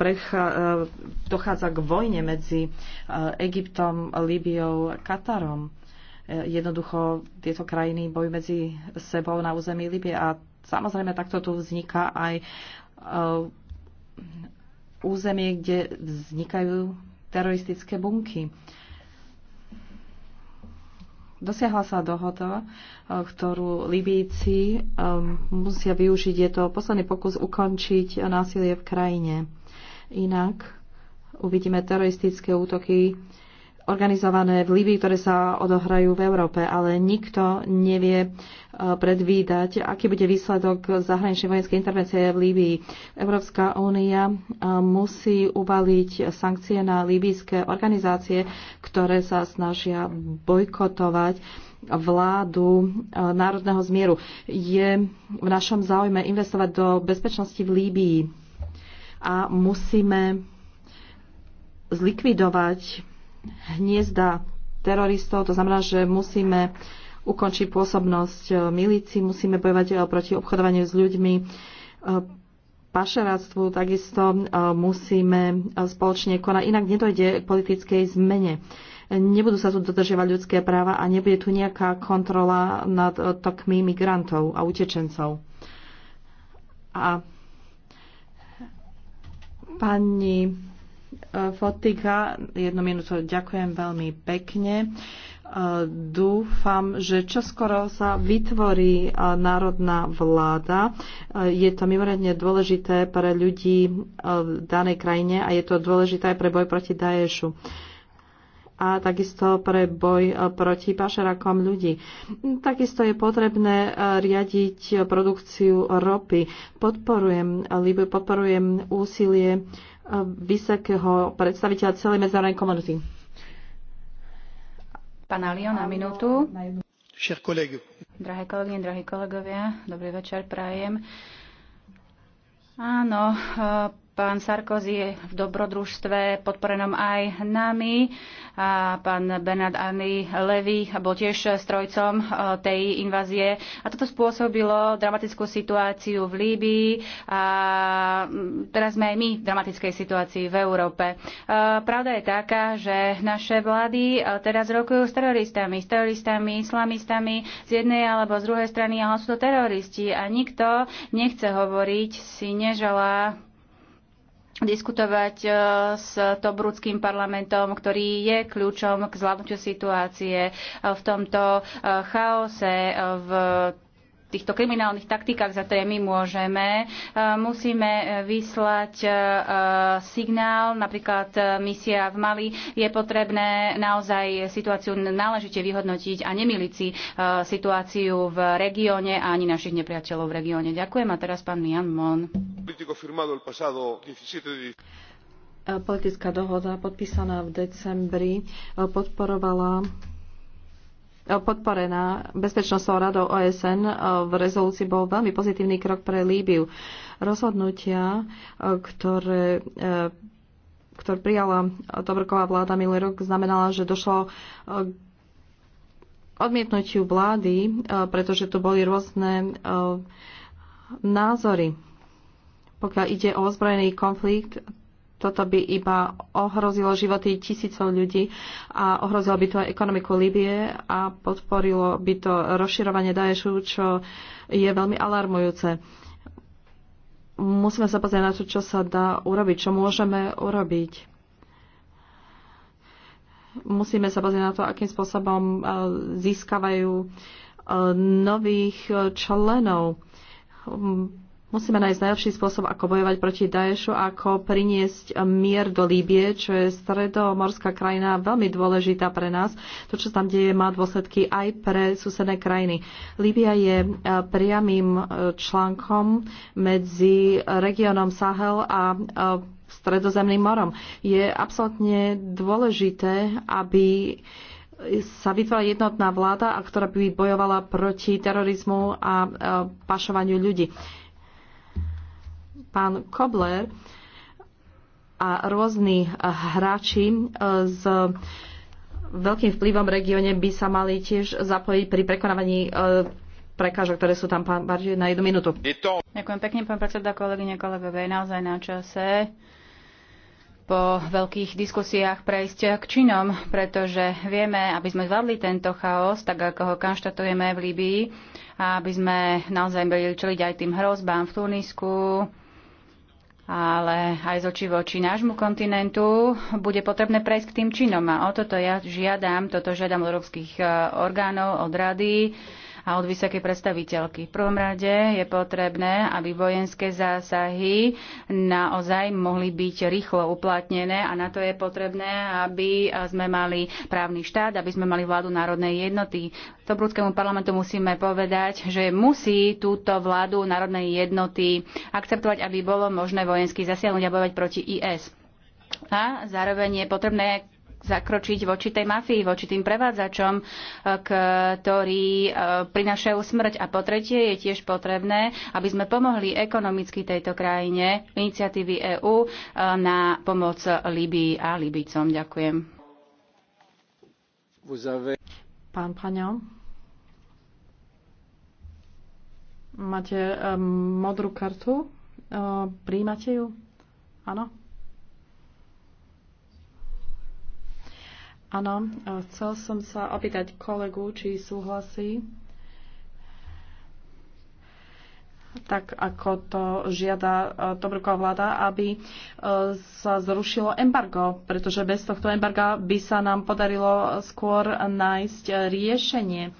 dochádza k vojne medzi Egyptom, Líbiou a Katarom jednoducho tieto krajiny boj medzi sebou na území Libie a samozrejme takto tu vzniká aj e, územie, kde vznikajú teroristické bunky. Dosiahla sa dohoda, e, ktorú Libíci e, musia využiť. Je to posledný pokus ukončiť násilie v krajine. Inak uvidíme teroristické útoky organizované v Líbii, ktoré sa odohrajú v Európe, ale nikto nevie e, predvídať, aký bude výsledok zahraničnej vojenskej intervencie v Líbii. Európska únia e, musí uvaliť sankcie na líbijské organizácie, ktoré sa snažia bojkotovať vládu e, národného zmieru. Je v našom záujme investovať do bezpečnosti v Líbii a musíme zlikvidovať hniezda teroristov, to znamená, že musíme ukončiť pôsobnosť eh, milíci, musíme bojovať eh, proti obchodovaniu s ľuďmi, eh, pašeráctvu, takisto musíme spoločne konať, inak nedojde k politickej zmene. Nebudú sa tu dodržiavať ľudské práva a nebude tu nejaká kontrola nad tokmi migrantov a utečencov. A pani Fotika. Jednu minútu ďakujem veľmi pekne. Dúfam, že čoskoro sa vytvorí národná vláda. Je to mimoriadne dôležité pre ľudí v danej krajine a je to dôležité aj pre boj proti Daešu a takisto pre boj proti pašerakom ľudí. Takisto je potrebné riadiť produkciu ropy. Podporujem, podporujem úsilie vysokého predstaviteľa celej medzinárodnej komunity. Pán Alio, na minútu. Drahé kolegyne, drahí kolegovia, dobrý večer prajem. Áno, Pán Sarkozy je v dobrodružstve podporenom aj nami. A pán Bernard Arny Levy bol tiež strojcom e, tej invázie. A toto spôsobilo dramatickú situáciu v Líbii. A mm, teraz sme aj my v dramatickej situácii v Európe. E, pravda je taká, že naše vlády e, teraz rokujú s teroristami, s teroristami, islamistami z jednej alebo z druhej strany, ale sú to teroristi a nikto nechce hovoriť, si neželá diskutovať e, s Tobrudským parlamentom, ktorý je kľúčom k zvládnutiu situácie e, v tomto e, chaose, v týchto kriminálnych taktikách, za ktoré my môžeme, musíme vyslať signál, napríklad misia v Mali, je potrebné naozaj situáciu náležite vyhodnotiť a nemiliť si situáciu v regióne a ani našich nepriateľov v regióne. Ďakujem a teraz pán Mian Mon. E, politická dohoda podpísaná v decembri e, podporovala e, podporená Bezpečnostnou radou OSN v rezolúcii bol veľmi pozitívny krok pre Líbiu. Rozhodnutia, ktoré prijala Tobrková vláda minulý rok, znamenala, že došlo k odmietnutiu vlády, pretože tu boli rôzne názory. Pokiaľ ide o ozbrojený konflikt, toto by iba ohrozilo životy tisícov ľudí a ohrozilo by to aj ekonomiku Líbie a podporilo by to rozširovanie Daešu, čo je veľmi alarmujúce. Musíme sa pozrieť na to, čo sa dá urobiť, čo môžeme urobiť. Musíme sa pozrieť na to, akým spôsobom e, získavajú e, nových e, členov Musíme nájsť najlepší spôsob, ako bojovať proti Daešu, ako priniesť mier do Líbie, čo je stredomorská krajina veľmi dôležitá pre nás. To, čo tam deje, má dôsledky aj pre susedné krajiny. Líbia je e, priamým e, článkom medzi regiónom Sahel a e, Stredozemným morom. Je absolútne dôležité, aby sa vytvorila jednotná vláda, ktorá by bojovala proti terorizmu a pašovaniu ľudí pán Kobler a rôzni hráči z e, veľkým vplyvom v regióne by sa mali tiež zapojiť pri prekonávaní e, prekážok, ktoré sú tam, pán Barži, na jednu minútu. Ďakujem pekne, pán predseda, kolegyne, kolegové, naozaj na čase po veľkých diskusiách prejsť k činom, pretože vieme, aby sme zvládli tento chaos, tak ako ho konštatujeme v Líbii, a aby sme naozaj byli čeliť aj tým hrozbám v Tunisku, ale aj z očí voči nášmu kontinentu bude potrebné prejsť k tým činom. A o toto ja žiadam, toto žiadam od európskych eh, orgánov, od rady, a od vysokej predstaviteľky. V prvom rade je potrebné, aby vojenské zásahy naozaj mohli byť rýchlo uplatnené a na to je potrebné, aby sme mali právny štát, aby sme mali vládu národnej jednoty. To parlamentu musíme povedať, že musí túto vládu národnej jednoty akceptovať, aby bolo možné vojenský zasiahnuť a bojovať proti IS. A zároveň je potrebné zakročiť voči tej mafii, voči tým prevádzačom, e, ktorí e, prinašajú smrť. A po tretie je tiež potrebné, aby sme pomohli ekonomicky tejto krajine iniciatívy EÚ e, na pomoc Libii a Libicom. Ďakujem. Pán Paňo, máte modrú kartu? príjmate ju? Áno? Áno, chcel som sa opýtať kolegu, či súhlasí. Tak ako to žiada Dobrková e, vláda, aby e, sa zrušilo embargo, pretože bez tohto embarga by sa nám podarilo skôr nájsť riešenie.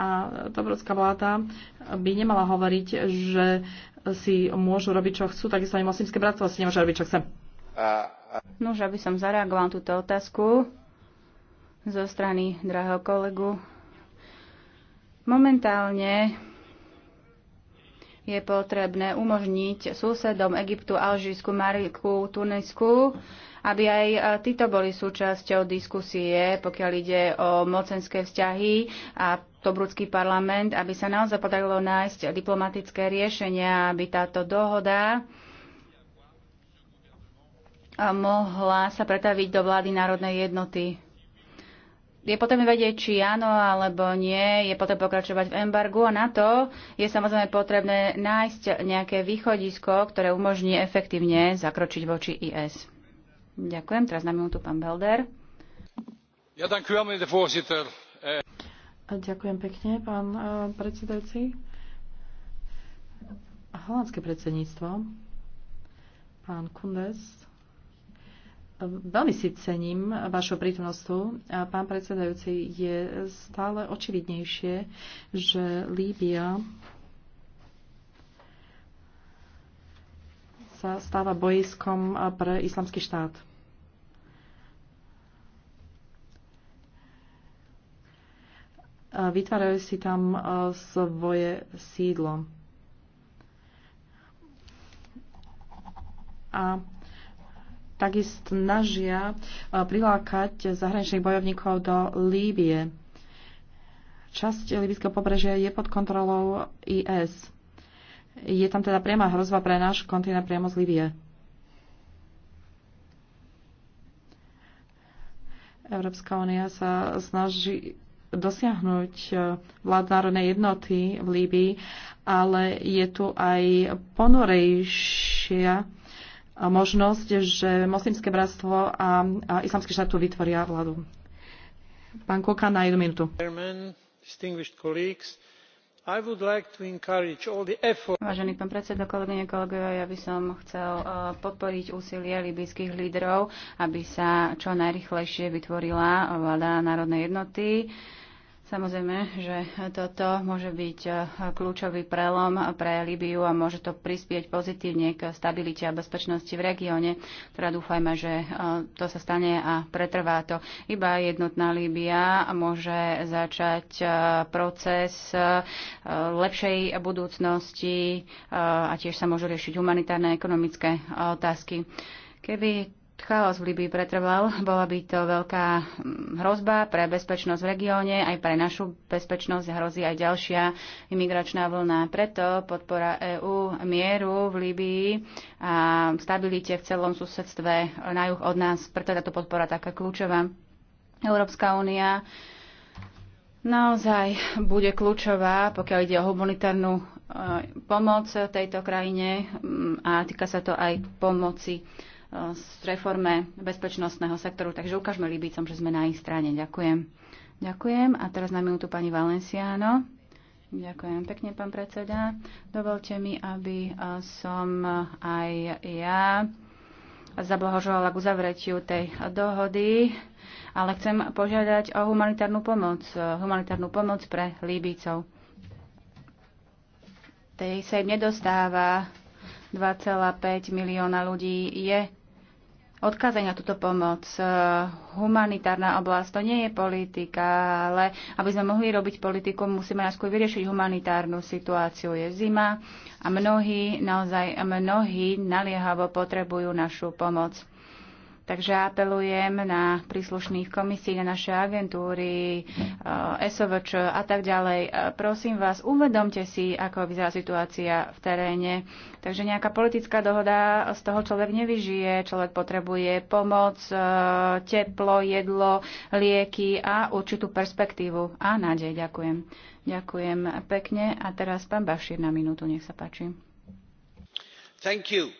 A Dobrovská vláda by nemala hovoriť, že si môžu robiť, čo chcú, takisto aj moslimské bratstvo si nemôže robiť, čo chce. Nož, aby som zareagoval túto otázku zo strany drahého kolegu. Momentálne je potrebné umožniť susedom Egyptu, Alžírsku, Mariku, Tunisku, aby aj e, títo boli súčasťou diskusie, pokiaľ ide o mocenské vzťahy a Tobrudský parlament, aby sa naozaj podarilo nájsť diplomatické riešenia, aby táto dohoda mohla sa pretaviť do vlády národnej jednoty. Je potrebné vedieť, či áno alebo nie, je potrebné pokračovať v embargu a na to je samozrejme potrebné nájsť nejaké východisko, ktoré umožní efektívne zakročiť voči IS. Ďakujem. Teraz na minútu pán Belder. Ja, ďakujem, voorzitter. Eh, ďakujem pekne, pán eh, predsedajúci. Holandské predsedníctvo, pán Kundes, Veľmi si cením vašu prítomnosť tu. Pán predsedajúci, je stále očividnejšie, že Líbia sa stáva bojiskom pre islamský štát. Vytvárajú si tam svoje sídlo. A takisto snažia e, prilákať zahraničných bojovníkov do Líbie. Časť líbyského pobrežia je pod kontrolou IS. Je tam teda priama hrozba pre náš kontinent priamo z Líbie. Európska únia sa snaží dosiahnuť e, vlád národnej jednoty v Líbii, ale je tu aj ponorejšia možnosť, že moslimské bratstvo a, a islamský štát tu vytvoria vládu. Pán Koka na jednu minútu. Vážený pán predseda, kolegyne, kolegovia, ja by som chcel e, podporiť úsilie libyských lídrov, aby sa čo najrychlejšie vytvorila vláda národnej jednoty Samozrejme, že toto môže byť eh, kľúčový prelom pre Libiu a môže to prispieť pozitívne k stabilite a bezpečnosti v regióne, ktorá dúfajme, že eh, to sa stane a pretrvá to. Iba jednotná Líbia môže začať eh, proces lepšej budúcnosti a tiež sa môžu riešiť humanitárne a ekonomické otázky. Keby chaos v Libii pretrval, bola by to veľká mm, hrozba pre bezpečnosť v regióne, aj pre našu bezpečnosť hrozí aj ďalšia imigračná vlna. Preto podpora EÚ mieru v Líbii a stabilite v celom susedstve na juh od nás, preto je táto podpora taká kľúčová. Európska únia naozaj bude kľúčová, pokiaľ ide o humanitárnu e, pomoc tejto krajine mm, a týka sa to aj pomoci v reforme bezpečnostného sektoru. Takže ukážme Libícom, že sme na ich strane. Ďakujem. Ďakujem. A teraz na minútu pani Valenciano. Ďakujem pekne, pán predseda. Dovolte mi, aby eh, som aj ja zablahožovala k uzavretiu tej dohody, ale chcem požiadať o humanitárnu pomoc, eh, humanitárnu pomoc pre Líbícov. Tej sa im nedostáva 2,5 milióna ľudí je odkázať na túto pomoc. E, humanitárna oblasť to nie je politika, ale aby sme mohli robiť politiku, musíme najskôr vyriešiť humanitárnu situáciu. Je zima a mnohí, naozaj mnohí naliehavo potrebujú našu pomoc. Takže apelujem na príslušných komisí, na naše agentúry, eh, SOVČ a tak ďalej. Eh, prosím vás, uvedomte si, ako vyzerá situácia v teréne. Takže nejaká politická dohoda z toho človek nevyžije. Človek potrebuje pomoc, eh, teplo, jedlo, lieky a určitú perspektívu a nádej. Ďakujem. Ďakujem pekne. A teraz pán Bašír na minútu, nech sa páči. Thank you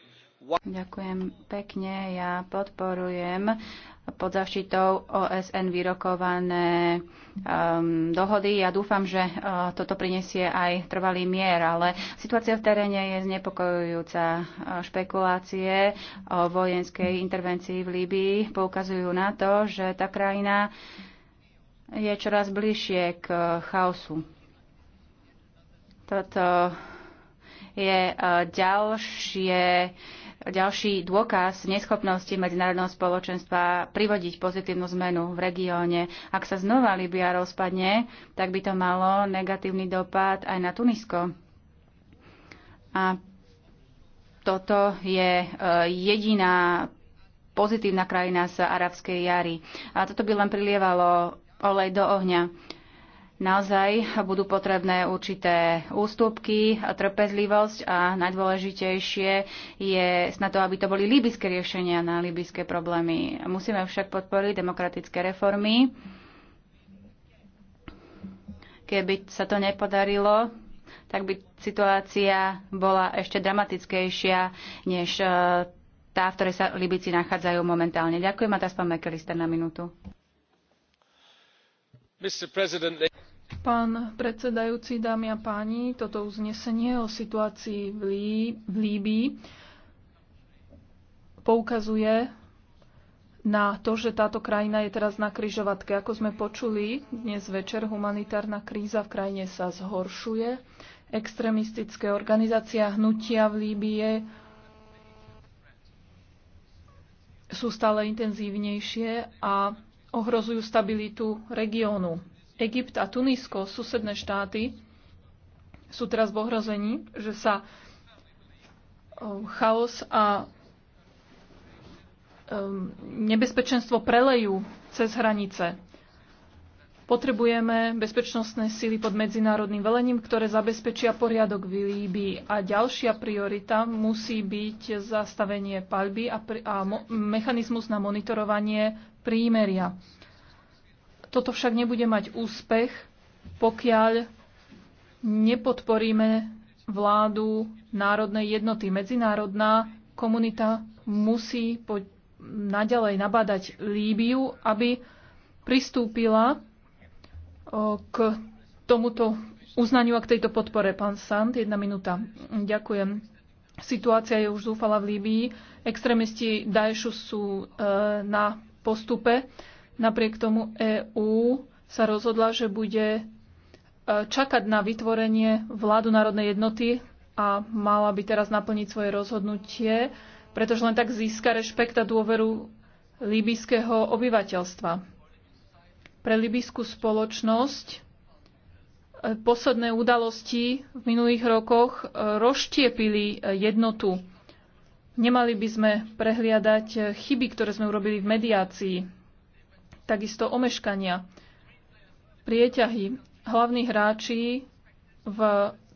Ďakujem pekne. Ja podporujem pod zaštitou OSN vyrokované um, dohody. Ja dúfam, že uh, toto prinesie aj trvalý mier, ale situácia v teréne je znepokojujúca. Uh, špekulácie o vojenskej intervencii v Líbii poukazujú na to, že tá krajina je čoraz bližšie k chaosu. Toto je uh, ďalšie ďalší dôkaz neschopnosti medzinárodného spoločenstva privodiť pozitívnu zmenu v regióne. Ak sa znova Libia rozpadne, tak by to malo negatívny dopad aj na Tunisko. A toto je e, jediná pozitívna krajina z arabskej jary. A toto by len prilievalo olej do ohňa. Naozaj budú potrebné určité ústupky, trpezlivosť a najdôležitejšie je na to, aby to boli líbyské riešenia na líbyské problémy. Musíme však podporiť demokratické reformy. Keby sa to nepodarilo, tak by situácia bola ešte dramatickejšia, než e, tá, v ktorej sa Libici nachádzajú momentálne. Ďakujem a tá spomne na minútu. Pán predsedajúci, dámy a páni, toto uznesenie o situácii v, Lí- v Líbii poukazuje na to, že táto krajina je teraz na kryžovatke. Ako sme počuli, dnes večer humanitárna kríza v krajine sa zhoršuje. Extremistické organizácia hnutia v Líbie sú stále intenzívnejšie a ohrozujú stabilitu regiónu. Egypt a Tunisko, susedné štáty, sú teraz v ohrození, že sa chaos a nebezpečenstvo prelejú cez hranice. Potrebujeme bezpečnostné síly pod medzinárodným velením, ktoré zabezpečia poriadok v Líbii. A ďalšia priorita musí byť zastavenie palby a, a mechanizmus na monitorovanie prímeria. Toto však nebude mať úspech, pokiaľ nepodporíme vládu národnej jednoty. Medzinárodná komunita musí po, naďalej nabádať Líbiu, aby pristúpila k tomuto uznaniu a k tejto podpore. Pán Sant, jedna minúta. Ďakujem. Situácia je už zúfala v Líbii. Extremisti Daešu sú e, na postupe Napriek tomu EÚ sa rozhodla, že bude e, čakať na vytvorenie vládu národnej jednoty a mala by teraz naplniť svoje rozhodnutie, pretože len tak získa rešpekt a dôveru líbyského obyvateľstva. Pre líbyskú spoločnosť e, posledné udalosti v minulých rokoch e, rozštiepili jednotu. Nemali by sme prehliadať chyby, ktoré sme urobili v mediácii takisto omeškania, prieťahy. Hlavní hráči v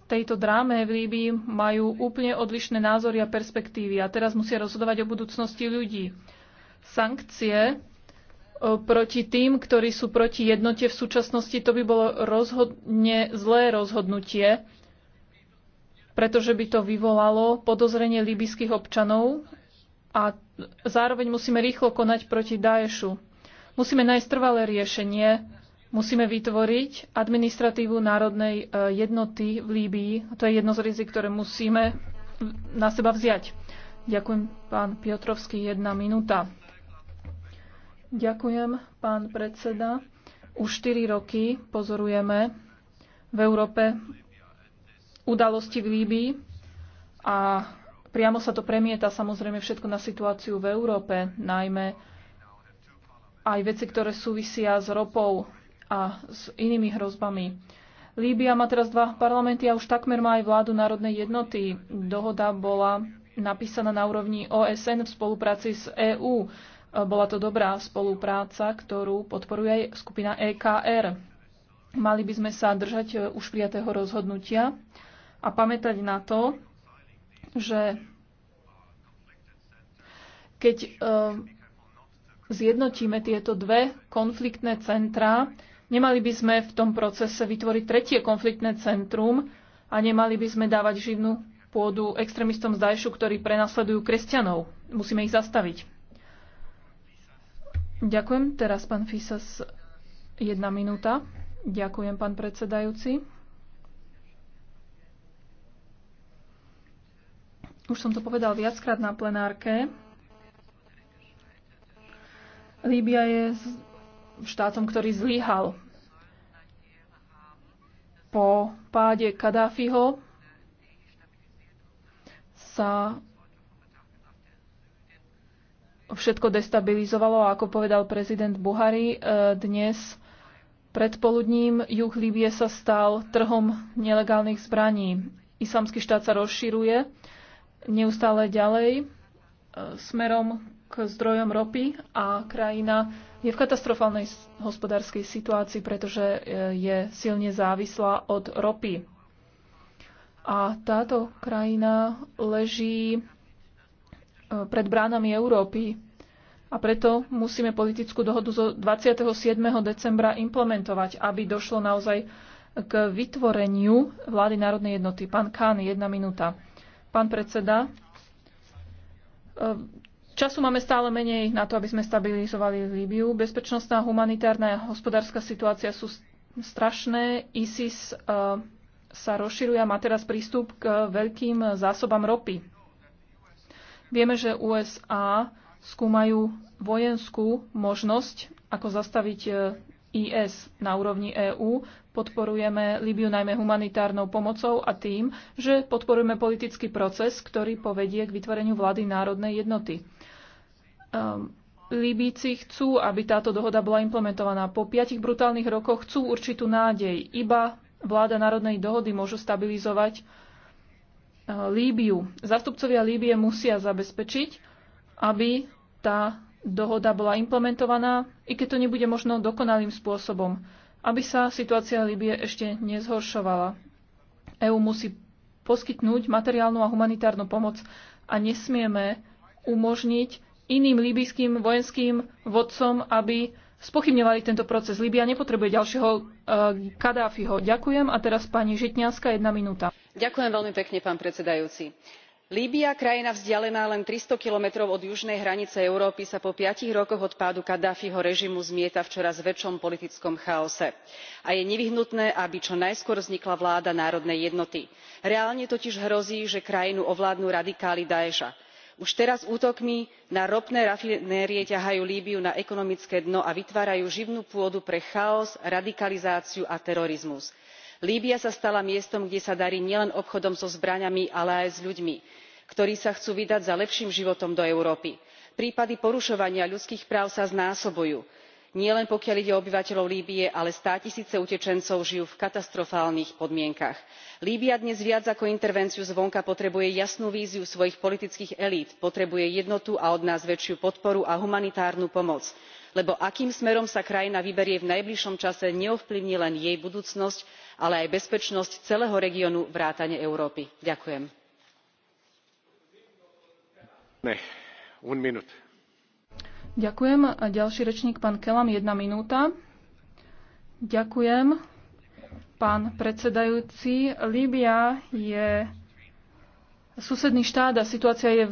tejto dráme v Líbii majú úplne odlišné názory a perspektívy a teraz musia rozhodovať o budúcnosti ľudí. Sankcie e, proti tým, ktorí sú proti jednote v súčasnosti, to by bolo rozhodne zlé rozhodnutie, pretože by to vyvolalo podozrenie líbyských občanov a zároveň musíme rýchlo konať proti Daešu. Musíme nájsť trvalé riešenie, musíme vytvoriť administratívu národnej e, jednoty v Líbii. To je jedno z rizik, ktoré musíme na seba vziať. Ďakujem, pán Piotrovský, jedna minúta. Ďakujem, pán predseda. Už 4 roky pozorujeme v Európe udalosti v Líbii a priamo sa to premieta samozrejme všetko na situáciu v Európe, najmä aj veci, ktoré súvisia s ropou a s inými hrozbami. Líbia má teraz dva parlamenty a už takmer má aj vládu národnej jednoty. Dohoda bola napísaná na úrovni OSN v spolupráci s EÚ. Bola to dobrá spolupráca, ktorú podporuje aj skupina EKR. Mali by sme sa držať e, už prijatého rozhodnutia a pamätať na to, že keď e, zjednotíme tieto dve konfliktné centrá, nemali by sme v tom procese vytvoriť tretie konfliktné centrum a nemali by sme dávať živnú pôdu extrémistom z Dajšu, ktorí prenasledujú kresťanov. Musíme ich zastaviť. Ďakujem. Teraz pán Fisas, jedna minúta. Ďakujem, pán predsedajúci. Už som to povedal viackrát na plenárke. Líbia je štátom, ktorý zlyhal. Po páde Kadáfiho sa všetko destabilizovalo a ako povedal prezident Buhari, e, dnes predpoludním juh Líbie sa stal trhom nelegálnych zbraní. Islamský štát sa rozširuje neustále ďalej e, smerom k zdrojom ropy a krajina je v katastrofálnej hospodárskej situácii, pretože e, je silne závislá od ropy. A táto krajina leží e, pred bránami Európy a preto musíme politickú dohodu zo 27. decembra implementovať, aby došlo naozaj k vytvoreniu vlády národnej jednoty. Pán Kán, jedna minúta. Pán predseda, e, Času máme stále menej na to, aby sme stabilizovali Líbiu. Bezpečnostná, humanitárna a hospodárska situácia sú strašné. ISIS uh, sa rozširuje a má teraz prístup k veľkým zásobám ropy. Vieme, že USA skúmajú vojenskú možnosť, ako zastaviť e, IS na úrovni EÚ. Podporujeme Libiu najmä humanitárnou pomocou a tým, že podporujeme politický proces, ktorý povedie k vytvoreniu vlády národnej jednoty. Um, Libíci chcú, aby táto dohoda bola implementovaná. Po piatich brutálnych rokoch chcú určitú nádej. Iba vláda národnej dohody môžu stabilizovať ehm, Líbiu. Zastupcovia Líbie musia zabezpečiť, aby tá dohoda bola implementovaná, i keď to nebude možno dokonalým spôsobom, aby sa situácia Líbie ešte nezhoršovala. EÚ musí poskytnúť materiálnu a humanitárnu pomoc a nesmieme umožniť iným líbyským vojenským vodcom, aby spochybňovali tento proces. Líbia nepotrebuje ďalšieho uh, Kadáfiho. Ďakujem a teraz pani Žitňanská, jedna minúta. Ďakujem veľmi pekne, pán predsedajúci. Líbia, krajina vzdialená len 300 kilometrov od južnej hranice Európy, sa po piatich rokoch od pádu Kadáfiho režimu zmieta v čoraz väčšom politickom chaose. A je nevyhnutné, aby čo najskôr vznikla vláda národnej jednoty. Reálne totiž hrozí, že krajinu ovládnu radikáli Daesha už teraz útokmi na ropné rafinérie ťahajú líbyu na ekonomické dno a vytvárajú živnú pôdu pre chaos radikalizáciu a terorizmus. líbya sa stala miestom kde sa darí nielen obchodom so zbraňami ale aj s ľuďmi ktorí sa chcú vydať za lepším životom do európy. prípady porušovania ľudských práv sa znásobujú nielen pokiaľ ide o obyvateľov líbye ale státisíce utečencov žijú v katastrofálnych podmienkach. líbya dnes viac ako intervenciu zvonka potrebuje jasnú víziu svojich politických elít potrebuje jednotu a od nás väčšiu podporu a humanitárnu pomoc lebo akým smerom sa krajina vyberie v najbližšom čase neovplyvní len jej budúcnosť ale aj bezpečnosť celého regiónu vrátane európy. ďakujem. Ďakujem. A ďalší rečník, pán Kelam, jedna minúta. Ďakujem. Pán predsedajúci, Líbia je susedný štát a situácia je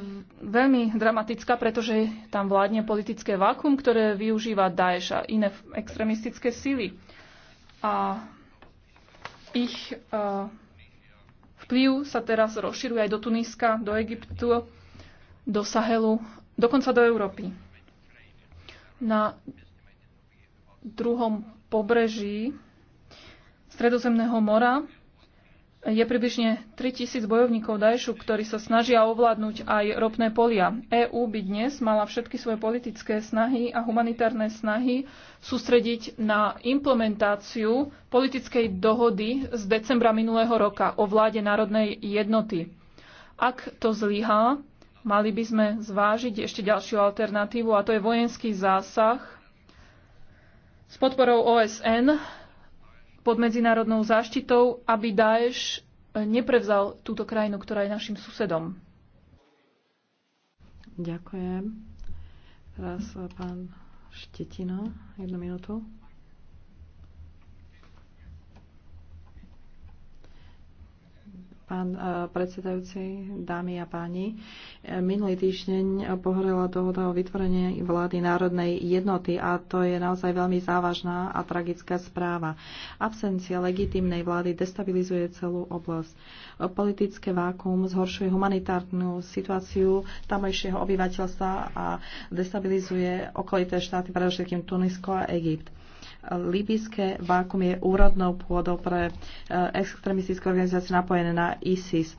veľmi dramatická, pretože tam vládne politické vákum, ktoré využíva Daesh a iné extremistické síly. A ich e, vplyv sa teraz rozširuje aj do Tuniska, do Egyptu, do Sahelu, dokonca do Európy na druhom pobreží Stredozemného mora je približne 3000 bojovníkov Dajšu, ktorí sa snažia ovládnuť aj ropné polia. EÚ by dnes mala všetky svoje politické snahy a humanitárne snahy sústrediť na implementáciu politickej dohody z decembra minulého roka o vláde národnej jednoty. Ak to zlyhá, Mali by sme zvážiť ešte ďalšiu alternatívu a to je vojenský zásah s podporou OSN pod medzinárodnou záštitou, aby Daesh neprevzal túto krajinu, ktorá je našim susedom. Ďakujem. Teraz pán štetino jednu minútu. pán e, predsedajúci, dámy a páni. E, minulý týždeň pohorela dohoda o vytvorení vlády národnej jednoty a to je naozaj veľmi závažná a tragická správa. Absencia legitímnej vlády destabilizuje celú oblasť. Politické vákum zhoršuje humanitárnu situáciu tamojšieho obyvateľstva a destabilizuje okolité štáty, predovšetkým Tunisko a Egypt Libyské vákum je úrodnou pôdou pre e, extremistické organizácie napojené na ISIS.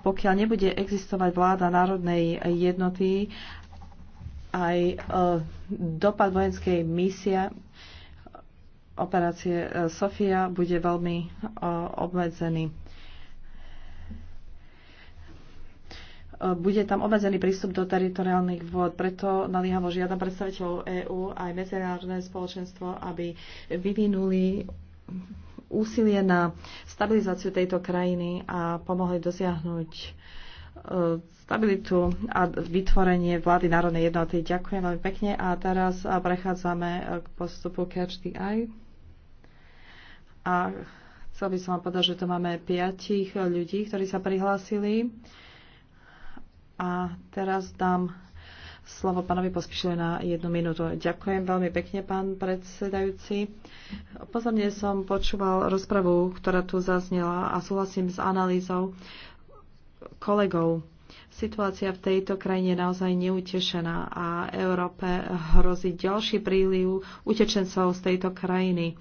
Pokiaľ nebude existovať vláda národnej jednoty, aj e, dopad vojenskej misie operácie e, Sofia bude veľmi obmedzený bude tam obmedzený prístup do teritoriálnych vôd. Preto naliehavo žiadam predstaviteľov EÚ aj medzinárodné spoločenstvo, aby vyvinuli úsilie na stabilizáciu tejto krajiny a pomohli dosiahnuť e, stabilitu a vytvorenie vlády národnej jednoty. Ďakujem veľmi pekne a teraz prechádzame k postupu Catch the Eye. A chcel by som vám povedať, že tu máme piatich ľudí, ktorí sa prihlásili. A teraz dám slovo pánovi pospíšili na jednu minútu. Ďakujem veľmi pekne, pán predsedajúci. Pozorne som počúval rozpravu, ktorá tu zaznela a súhlasím s analýzou kolegov. Situácia v tejto krajine je naozaj neutešená a Európe hrozí ďalší príliv utečencov z tejto krajiny.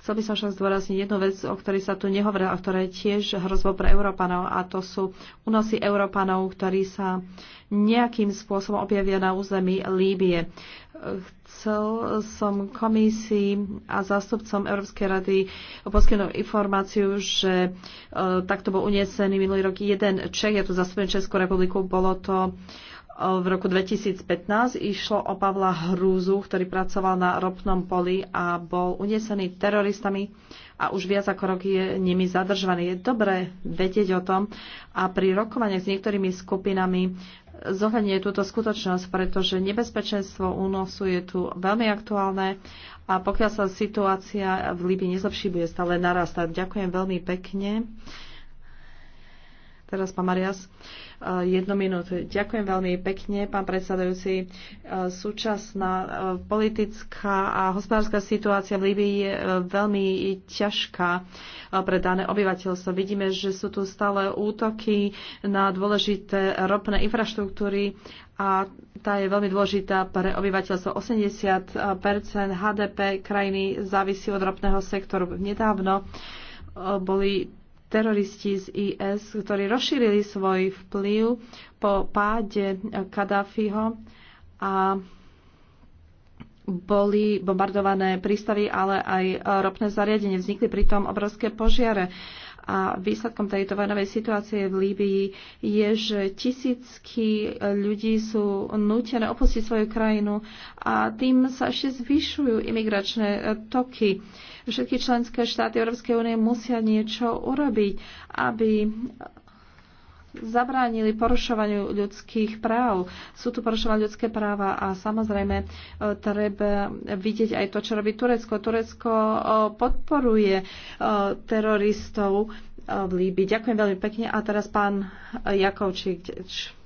Chcel by som však zdôrazniť jednu vec, o ktorej sa tu nehovorila, a ktorá je tiež hrozbou pre Európanov, a to sú únosy Európanov, ktorí sa nejakým spôsobom objavia na území Líbie. Chcel som komisii a zástupcom Európskej rady poskytnúť informáciu, že e, takto bol unesený minulý rok jeden Čech, ja tu zastupujem Českú republiku, bolo to e, v roku 2015 išlo o Pavla Hrúzu, ktorý pracoval na ropnom poli a bol unesený teroristami a už viac ako rok je nimi zadržovaný. Je dobré vedieť o tom a pri rokovaniach s niektorými skupinami zohľadne túto skutočnosť, pretože nebezpečenstvo únosu je tu veľmi aktuálne a pokiaľ sa situácia v Líbii nezlepší, bude stále narastať. Ďakujem veľmi pekne. Teraz pán Marias, eh, jednu minútu. Ďakujem veľmi pekne, pán predsedajúci. Eh, súčasná eh, politická a hospodárska situácia v Líbii je veľmi ťažká pre dané obyvateľstvo. Vidíme, že sú tu stále útoky na dôležité ropné infraštruktúry a tá je veľmi dôležitá pre obyvateľstvo. 80 HDP krajiny závisí od ropného sektoru. Nedávno boli teroristi z IS, ktorí rozšírili svoj vplyv po páde Kadáfiho a boli bombardované prístavy, ale aj ropné zariadenie. Vznikli pritom obrovské požiare. A výsledkom tejto vojnovej situácie v Líbii je, že tisícky ľudí sú nutené opustiť svoju krajinu a tým sa ešte zvyšujú imigračné toky. Všetky členské štáty Európskej únie musia niečo urobiť, aby zabránili porušovaniu ľudských práv. Sú tu porušované ľudské práva a samozrejme e, treba vidieť aj to, čo robí Turecko. Turecko e, podporuje e, teroristov v Líbi. Ďakujem veľmi pekne. A teraz pán Jakovčík.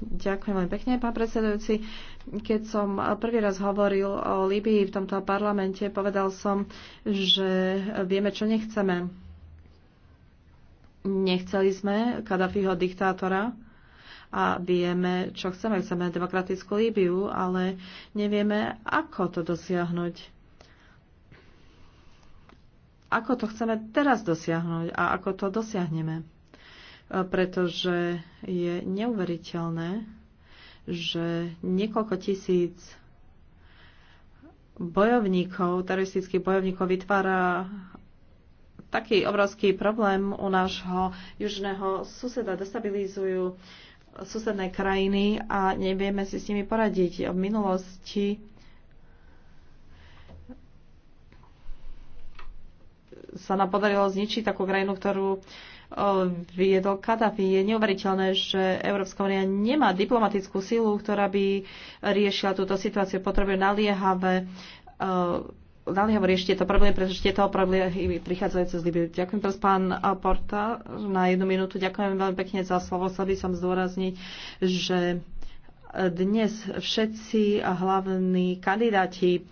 Ďakujem veľmi pekne, pán predsedajúci. Keď som prvý raz hovoril o Líbii v tomto parlamente, povedal som, že vieme, čo nechceme Nechceli sme Kadafiho diktátora a vieme, čo chceme. Chceme demokratickú Líbiu, ale nevieme, ako to dosiahnuť. Ako to chceme teraz dosiahnuť a ako to dosiahneme. E, pretože je neuveriteľné, že niekoľko tisíc bojovníkov, teroristických bojovníkov vytvára taký obrovský problém u nášho južného suseda. Destabilizujú susedné krajiny a nevieme si s nimi poradiť. V minulosti sa nám podarilo zničiť takú krajinu, ktorú e, viedol Kadafi. Je neuveriteľné, že Európska únia nemá diplomatickú silu, ktorá by riešila túto situáciu. Potrebuje naliehavé e, naliehavo riešte tieto problémy, pretože tieto problémy prichádzajú cez Libiu. Ďakujem teraz pán Porta na jednu minútu. Ďakujem veľmi pekne za slovo. Chcel by som zdôrazniť, že dnes všetci hlavní kandidáti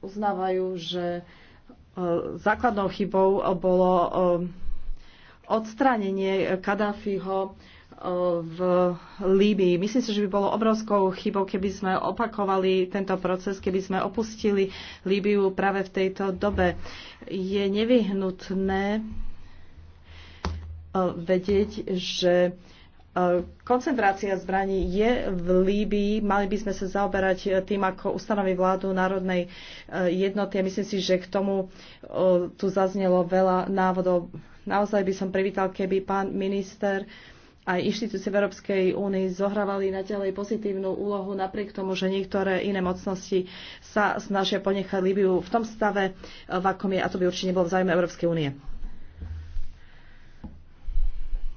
uznávajú, že e, základnou chybou bolo e, odstránenie Kadáfiho v Líbii. Myslím si, že by bolo obrovskou chybou, keby sme opakovali tento proces, keby sme opustili Líbiu práve v tejto dobe. Je nevyhnutné e, vedieť, že e, koncentrácia zbraní je v Líbii. Mali by sme sa zaoberať e, tým, ako ustanovi vládu národnej jednoty. Myslím si, že k tomu tu zaznelo veľa návodov. Naozaj by som privítal, keby pán minister uh, aj inštitúcie v Európskej únii zohrávali naďalej pozitívnu úlohu napriek tomu, že niektoré iné mocnosti sa snažia ponechať Libiu v tom stave, v akom je, a to by určite nebolo v záujme Európskej únie.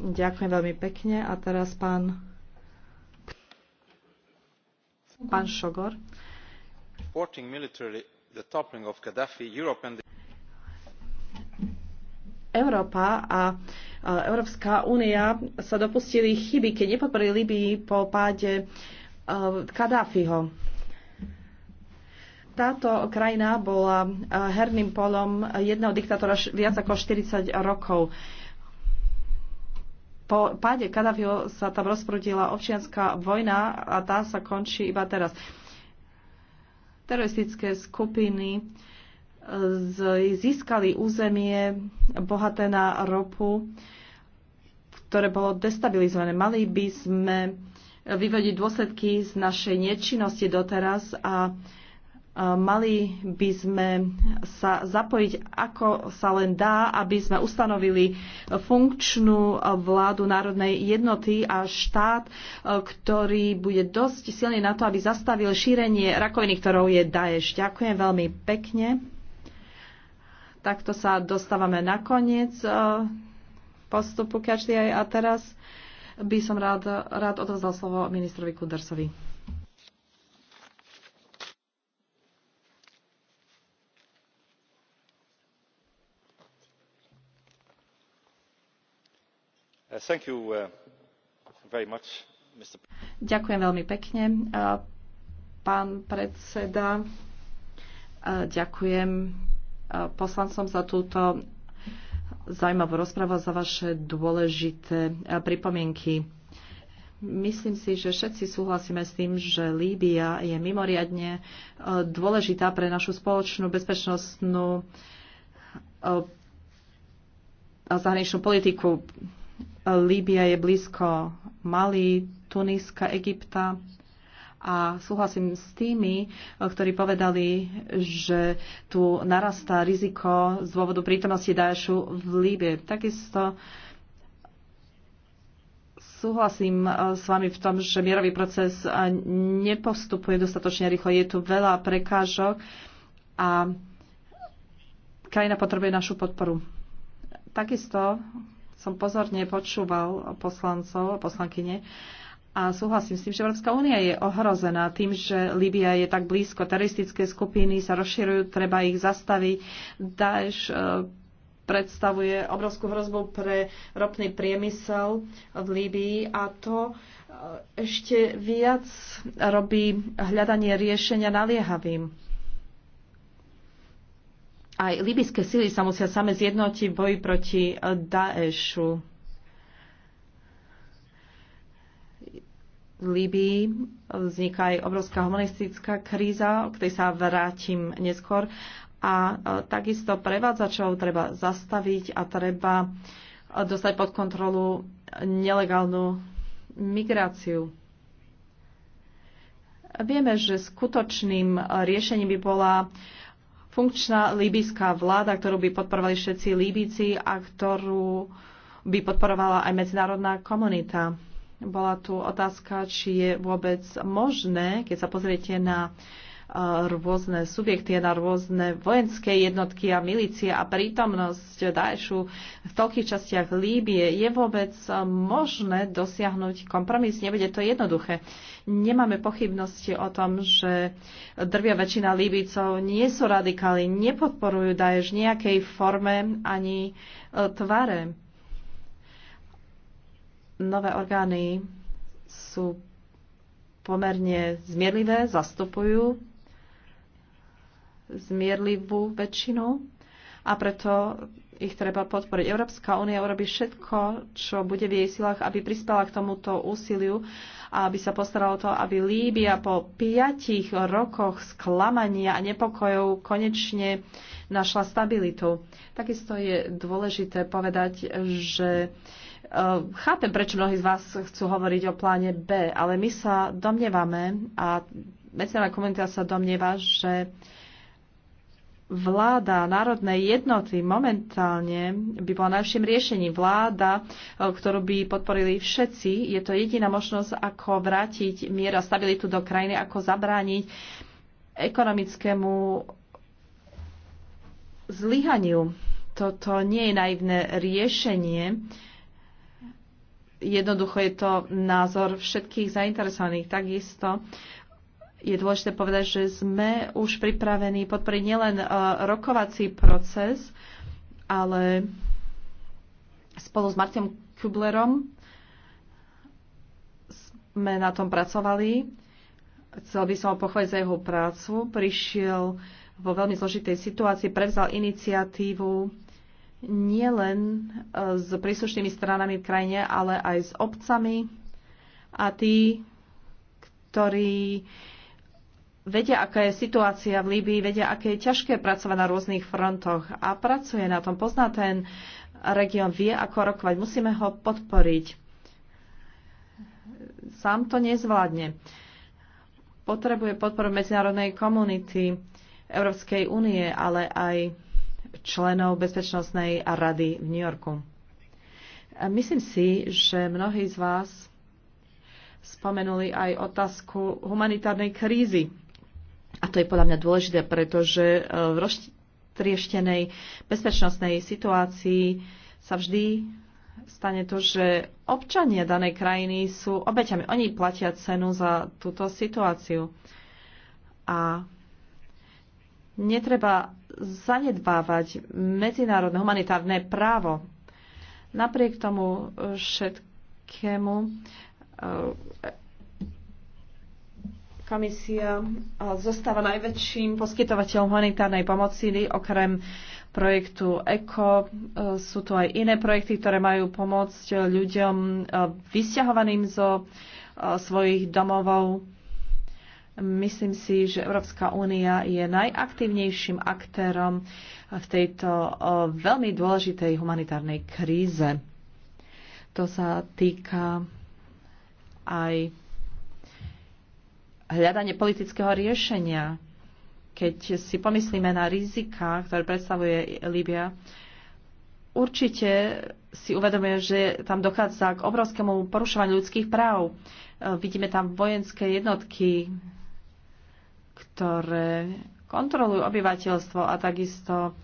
Ďakujem veľmi pekne. A teraz pán, pán Šogor. Európa a Európska únia sa dopustili chyby, keď nepodporili Libii po páde eh, Kadáfiho. Táto krajina bola eh, herným polom jedného diktátora viac ako 40 rokov. Po páde Kadáfiho sa tam rozprudila občianská vojna a tá sa končí iba teraz. Teroristické skupiny získali územie bohaté na ropu, ktoré bolo destabilizované. Mali by sme vyvodiť dôsledky z našej nečinnosti doteraz a mali by sme sa zapojiť, ako sa len dá, aby sme ustanovili funkčnú vládu národnej jednoty a štát, ktorý bude dosť silný na to, aby zastavil šírenie rakoviny, ktorou je Daesh. Ďakujem veľmi pekne. Takto sa dostávame na koniec eh, postupu každý aj a teraz by som rád, rád odovzdal slovo ministrovi Kudersovi. Uh, you, uh, much, Ďakujem veľmi pekne. Eh, pán predseda, eh, ďakujem poslancom za túto zaujímavú rozprávu za vaše dôležité eh, pripomienky. Myslím si, že všetci súhlasíme s tým, že Líbia je mimoriadne eh, dôležitá pre našu spoločnú bezpečnostnú eh, a zahraničnú politiku. Líbia je blízko Mali, Tuniska, Egypta a súhlasím s tými, eh, ktorí povedali, že tu narastá riziko z dôvodu prítomnosti Daešu v líbe. Takisto súhlasím eh, s vami v tom, že mierový proces eh, nepostupuje dostatočne rýchlo. Je tu veľa prekážok a krajina potrebuje našu podporu. Takisto som pozorne počúval poslancov a poslankyne, a súhlasím s tým, že Európska únia je ohrozená tým, že Líbia je tak blízko. Teroristické skupiny sa rozširujú, treba ich zastaviť. Daesh e, predstavuje obrovskú hrozbu pre ropný priemysel v Líbii a to e, ešte viac robí hľadanie riešenia naliehavým. Aj libyské sily sa musia same zjednotiť v boji proti Daešu V Líbii vzniká aj obrovská humanistická kríza, o ktorej sa vrátim neskôr. A e, takisto prevádzačov treba zastaviť a treba e, dostať pod kontrolu nelegálnu migráciu. Vieme, že skutočným e, riešením by bola funkčná líbyská vláda, ktorú by podporovali všetci Líbici a ktorú by podporovala aj medzinárodná komunita. Bola tu otázka, či je vôbec možné, keď sa pozriete na e, rôzne subjekty, na rôzne vojenské jednotky a milície a prítomnosť Daešu v toľkých častiach Líbie, je vôbec možné dosiahnuť kompromis? Nebude to jednoduché. Nemáme pochybnosti o tom, že drvia väčšina Líbicov nie sú radikáli, nepodporujú Daeš v nejakej forme ani e, tvare nové orgány sú pomerne zmierlivé, zastupujú zmierlivú väčšinu a preto ich treba podporiť. Európska únia urobí všetko, čo bude v jej silách, aby prispela k tomuto úsiliu a aby sa postaralo to, aby Líbia po piatich rokoch sklamania a nepokojov konečne našla stabilitu. Takisto je dôležité povedať, že Eh, chápem, prečo mnohí z vás chcú hovoriť o pláne B, ale my sa domnievame a medzinárodná komunita sa domnieva, že vláda národnej jednoty momentálne by bola najlepším riešením. Vláda, eh, ktorú by podporili všetci, je to jediná možnosť, ako vrátiť mier a stabilitu do krajiny, ako zabrániť ekonomickému zlyhaniu. Toto nie je naivné riešenie Jednoducho je to názor všetkých zainteresovaných. Takisto je dôležité povedať, že sme už pripravení podporiť nielen e, rokovací proces, ale spolu s Martinom Kublerom sme na tom pracovali. Chcel by som ho pochváliť za jeho prácu. Prišiel vo veľmi zložitej situácii, prevzal iniciatívu nielen e, s príslušnými stranami v krajine, ale aj s obcami a tí, ktorí vedia, aká je situácia v Líbii, vedia, aké je ťažké pracovať na rôznych frontoch a pracuje na tom, pozná ten región, vie, ako rokovať. Musíme ho podporiť. Sám to nezvládne. Potrebuje podporu medzinárodnej komunity Európskej únie, ale aj členov Bezpečnostnej rady v New Yorku. Myslím si, že mnohí z vás spomenuli aj otázku humanitárnej krízy. A to je podľa mňa dôležité, pretože e, v roztrieštenej bezpečnostnej situácii sa vždy stane to, že občania danej krajiny sú obeťami. Oni platia cenu za túto situáciu. A netreba zanedbávať medzinárodné humanitárne právo. Napriek tomu všetkému eh, komisia eh, zostáva najväčším poskytovateľom humanitárnej pomoci. Okrem projektu ECO eh, sú tu aj iné projekty, ktoré majú pomôcť ľuďom vysťahovaným zo svojich domovov Myslím si, že Európska únia je najaktívnejším aktérom v tejto veľmi dôležitej humanitárnej kríze. To sa týka aj hľadanie politického riešenia. Keď si pomyslíme na rizika, ktoré predstavuje Líbia, určite si uvedomuje, že tam dochádza k obrovskému porušovaniu ľudských práv. Vidíme tam vojenské jednotky, ktoré kontrolujú obyvateľstvo a takisto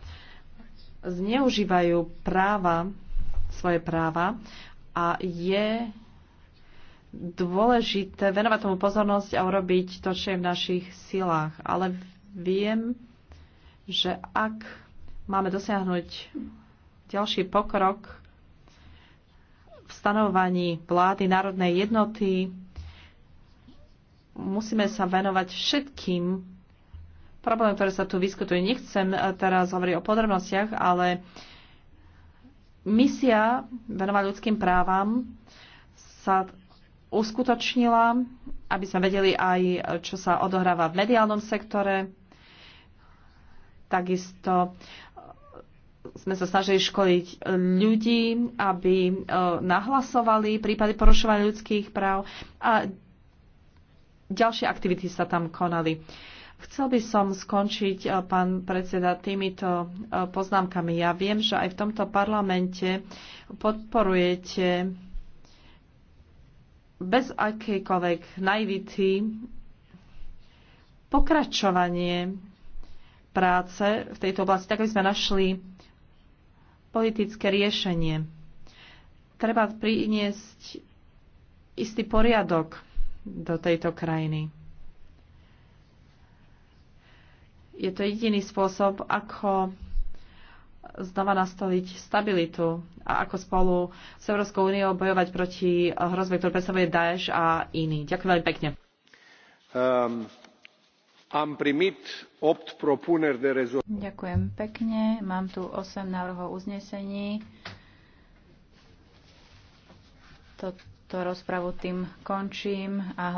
zneužívajú práva, svoje práva a je dôležité venovať tomu pozornosť a urobiť to, čo je v našich silách. Ale viem, že ak máme dosiahnuť ďalší pokrok v stanovaní vlády národnej jednoty, musíme sa venovať všetkým problémom, ktoré sa tu vyskutujú. Nechcem teraz hovoriť o podrobnostiach, ale misia venovať ľudským právam sa uskutočnila, aby sme vedeli aj, čo sa odohráva v mediálnom sektore. Takisto sme sa snažili školiť ľudí, aby eh, nahlasovali prípady porušovania ľudských práv a ďalšie aktivity sa tam konali. Chcel by som skončiť, eh, pán predseda, týmito eh, poznámkami. Ja viem, že aj v tomto parlamente podporujete bez akejkoľvek naivity pokračovanie práce v tejto oblasti, tak aby sme našli politické riešenie. Treba priniesť istý poriadok do tejto krajiny. Je to jediný spôsob, ako znova nastoliť stabilitu a ako spolu s Európskou úniou bojovať proti hrozbe, ktorú predstavuje Daesh a iní. Ďakujem veľmi pekne. Um, am primit opt de rezol- Ďakujem pekne. Mám tu 8 návrhov uznesení. Toto túto rozpravu tým končím a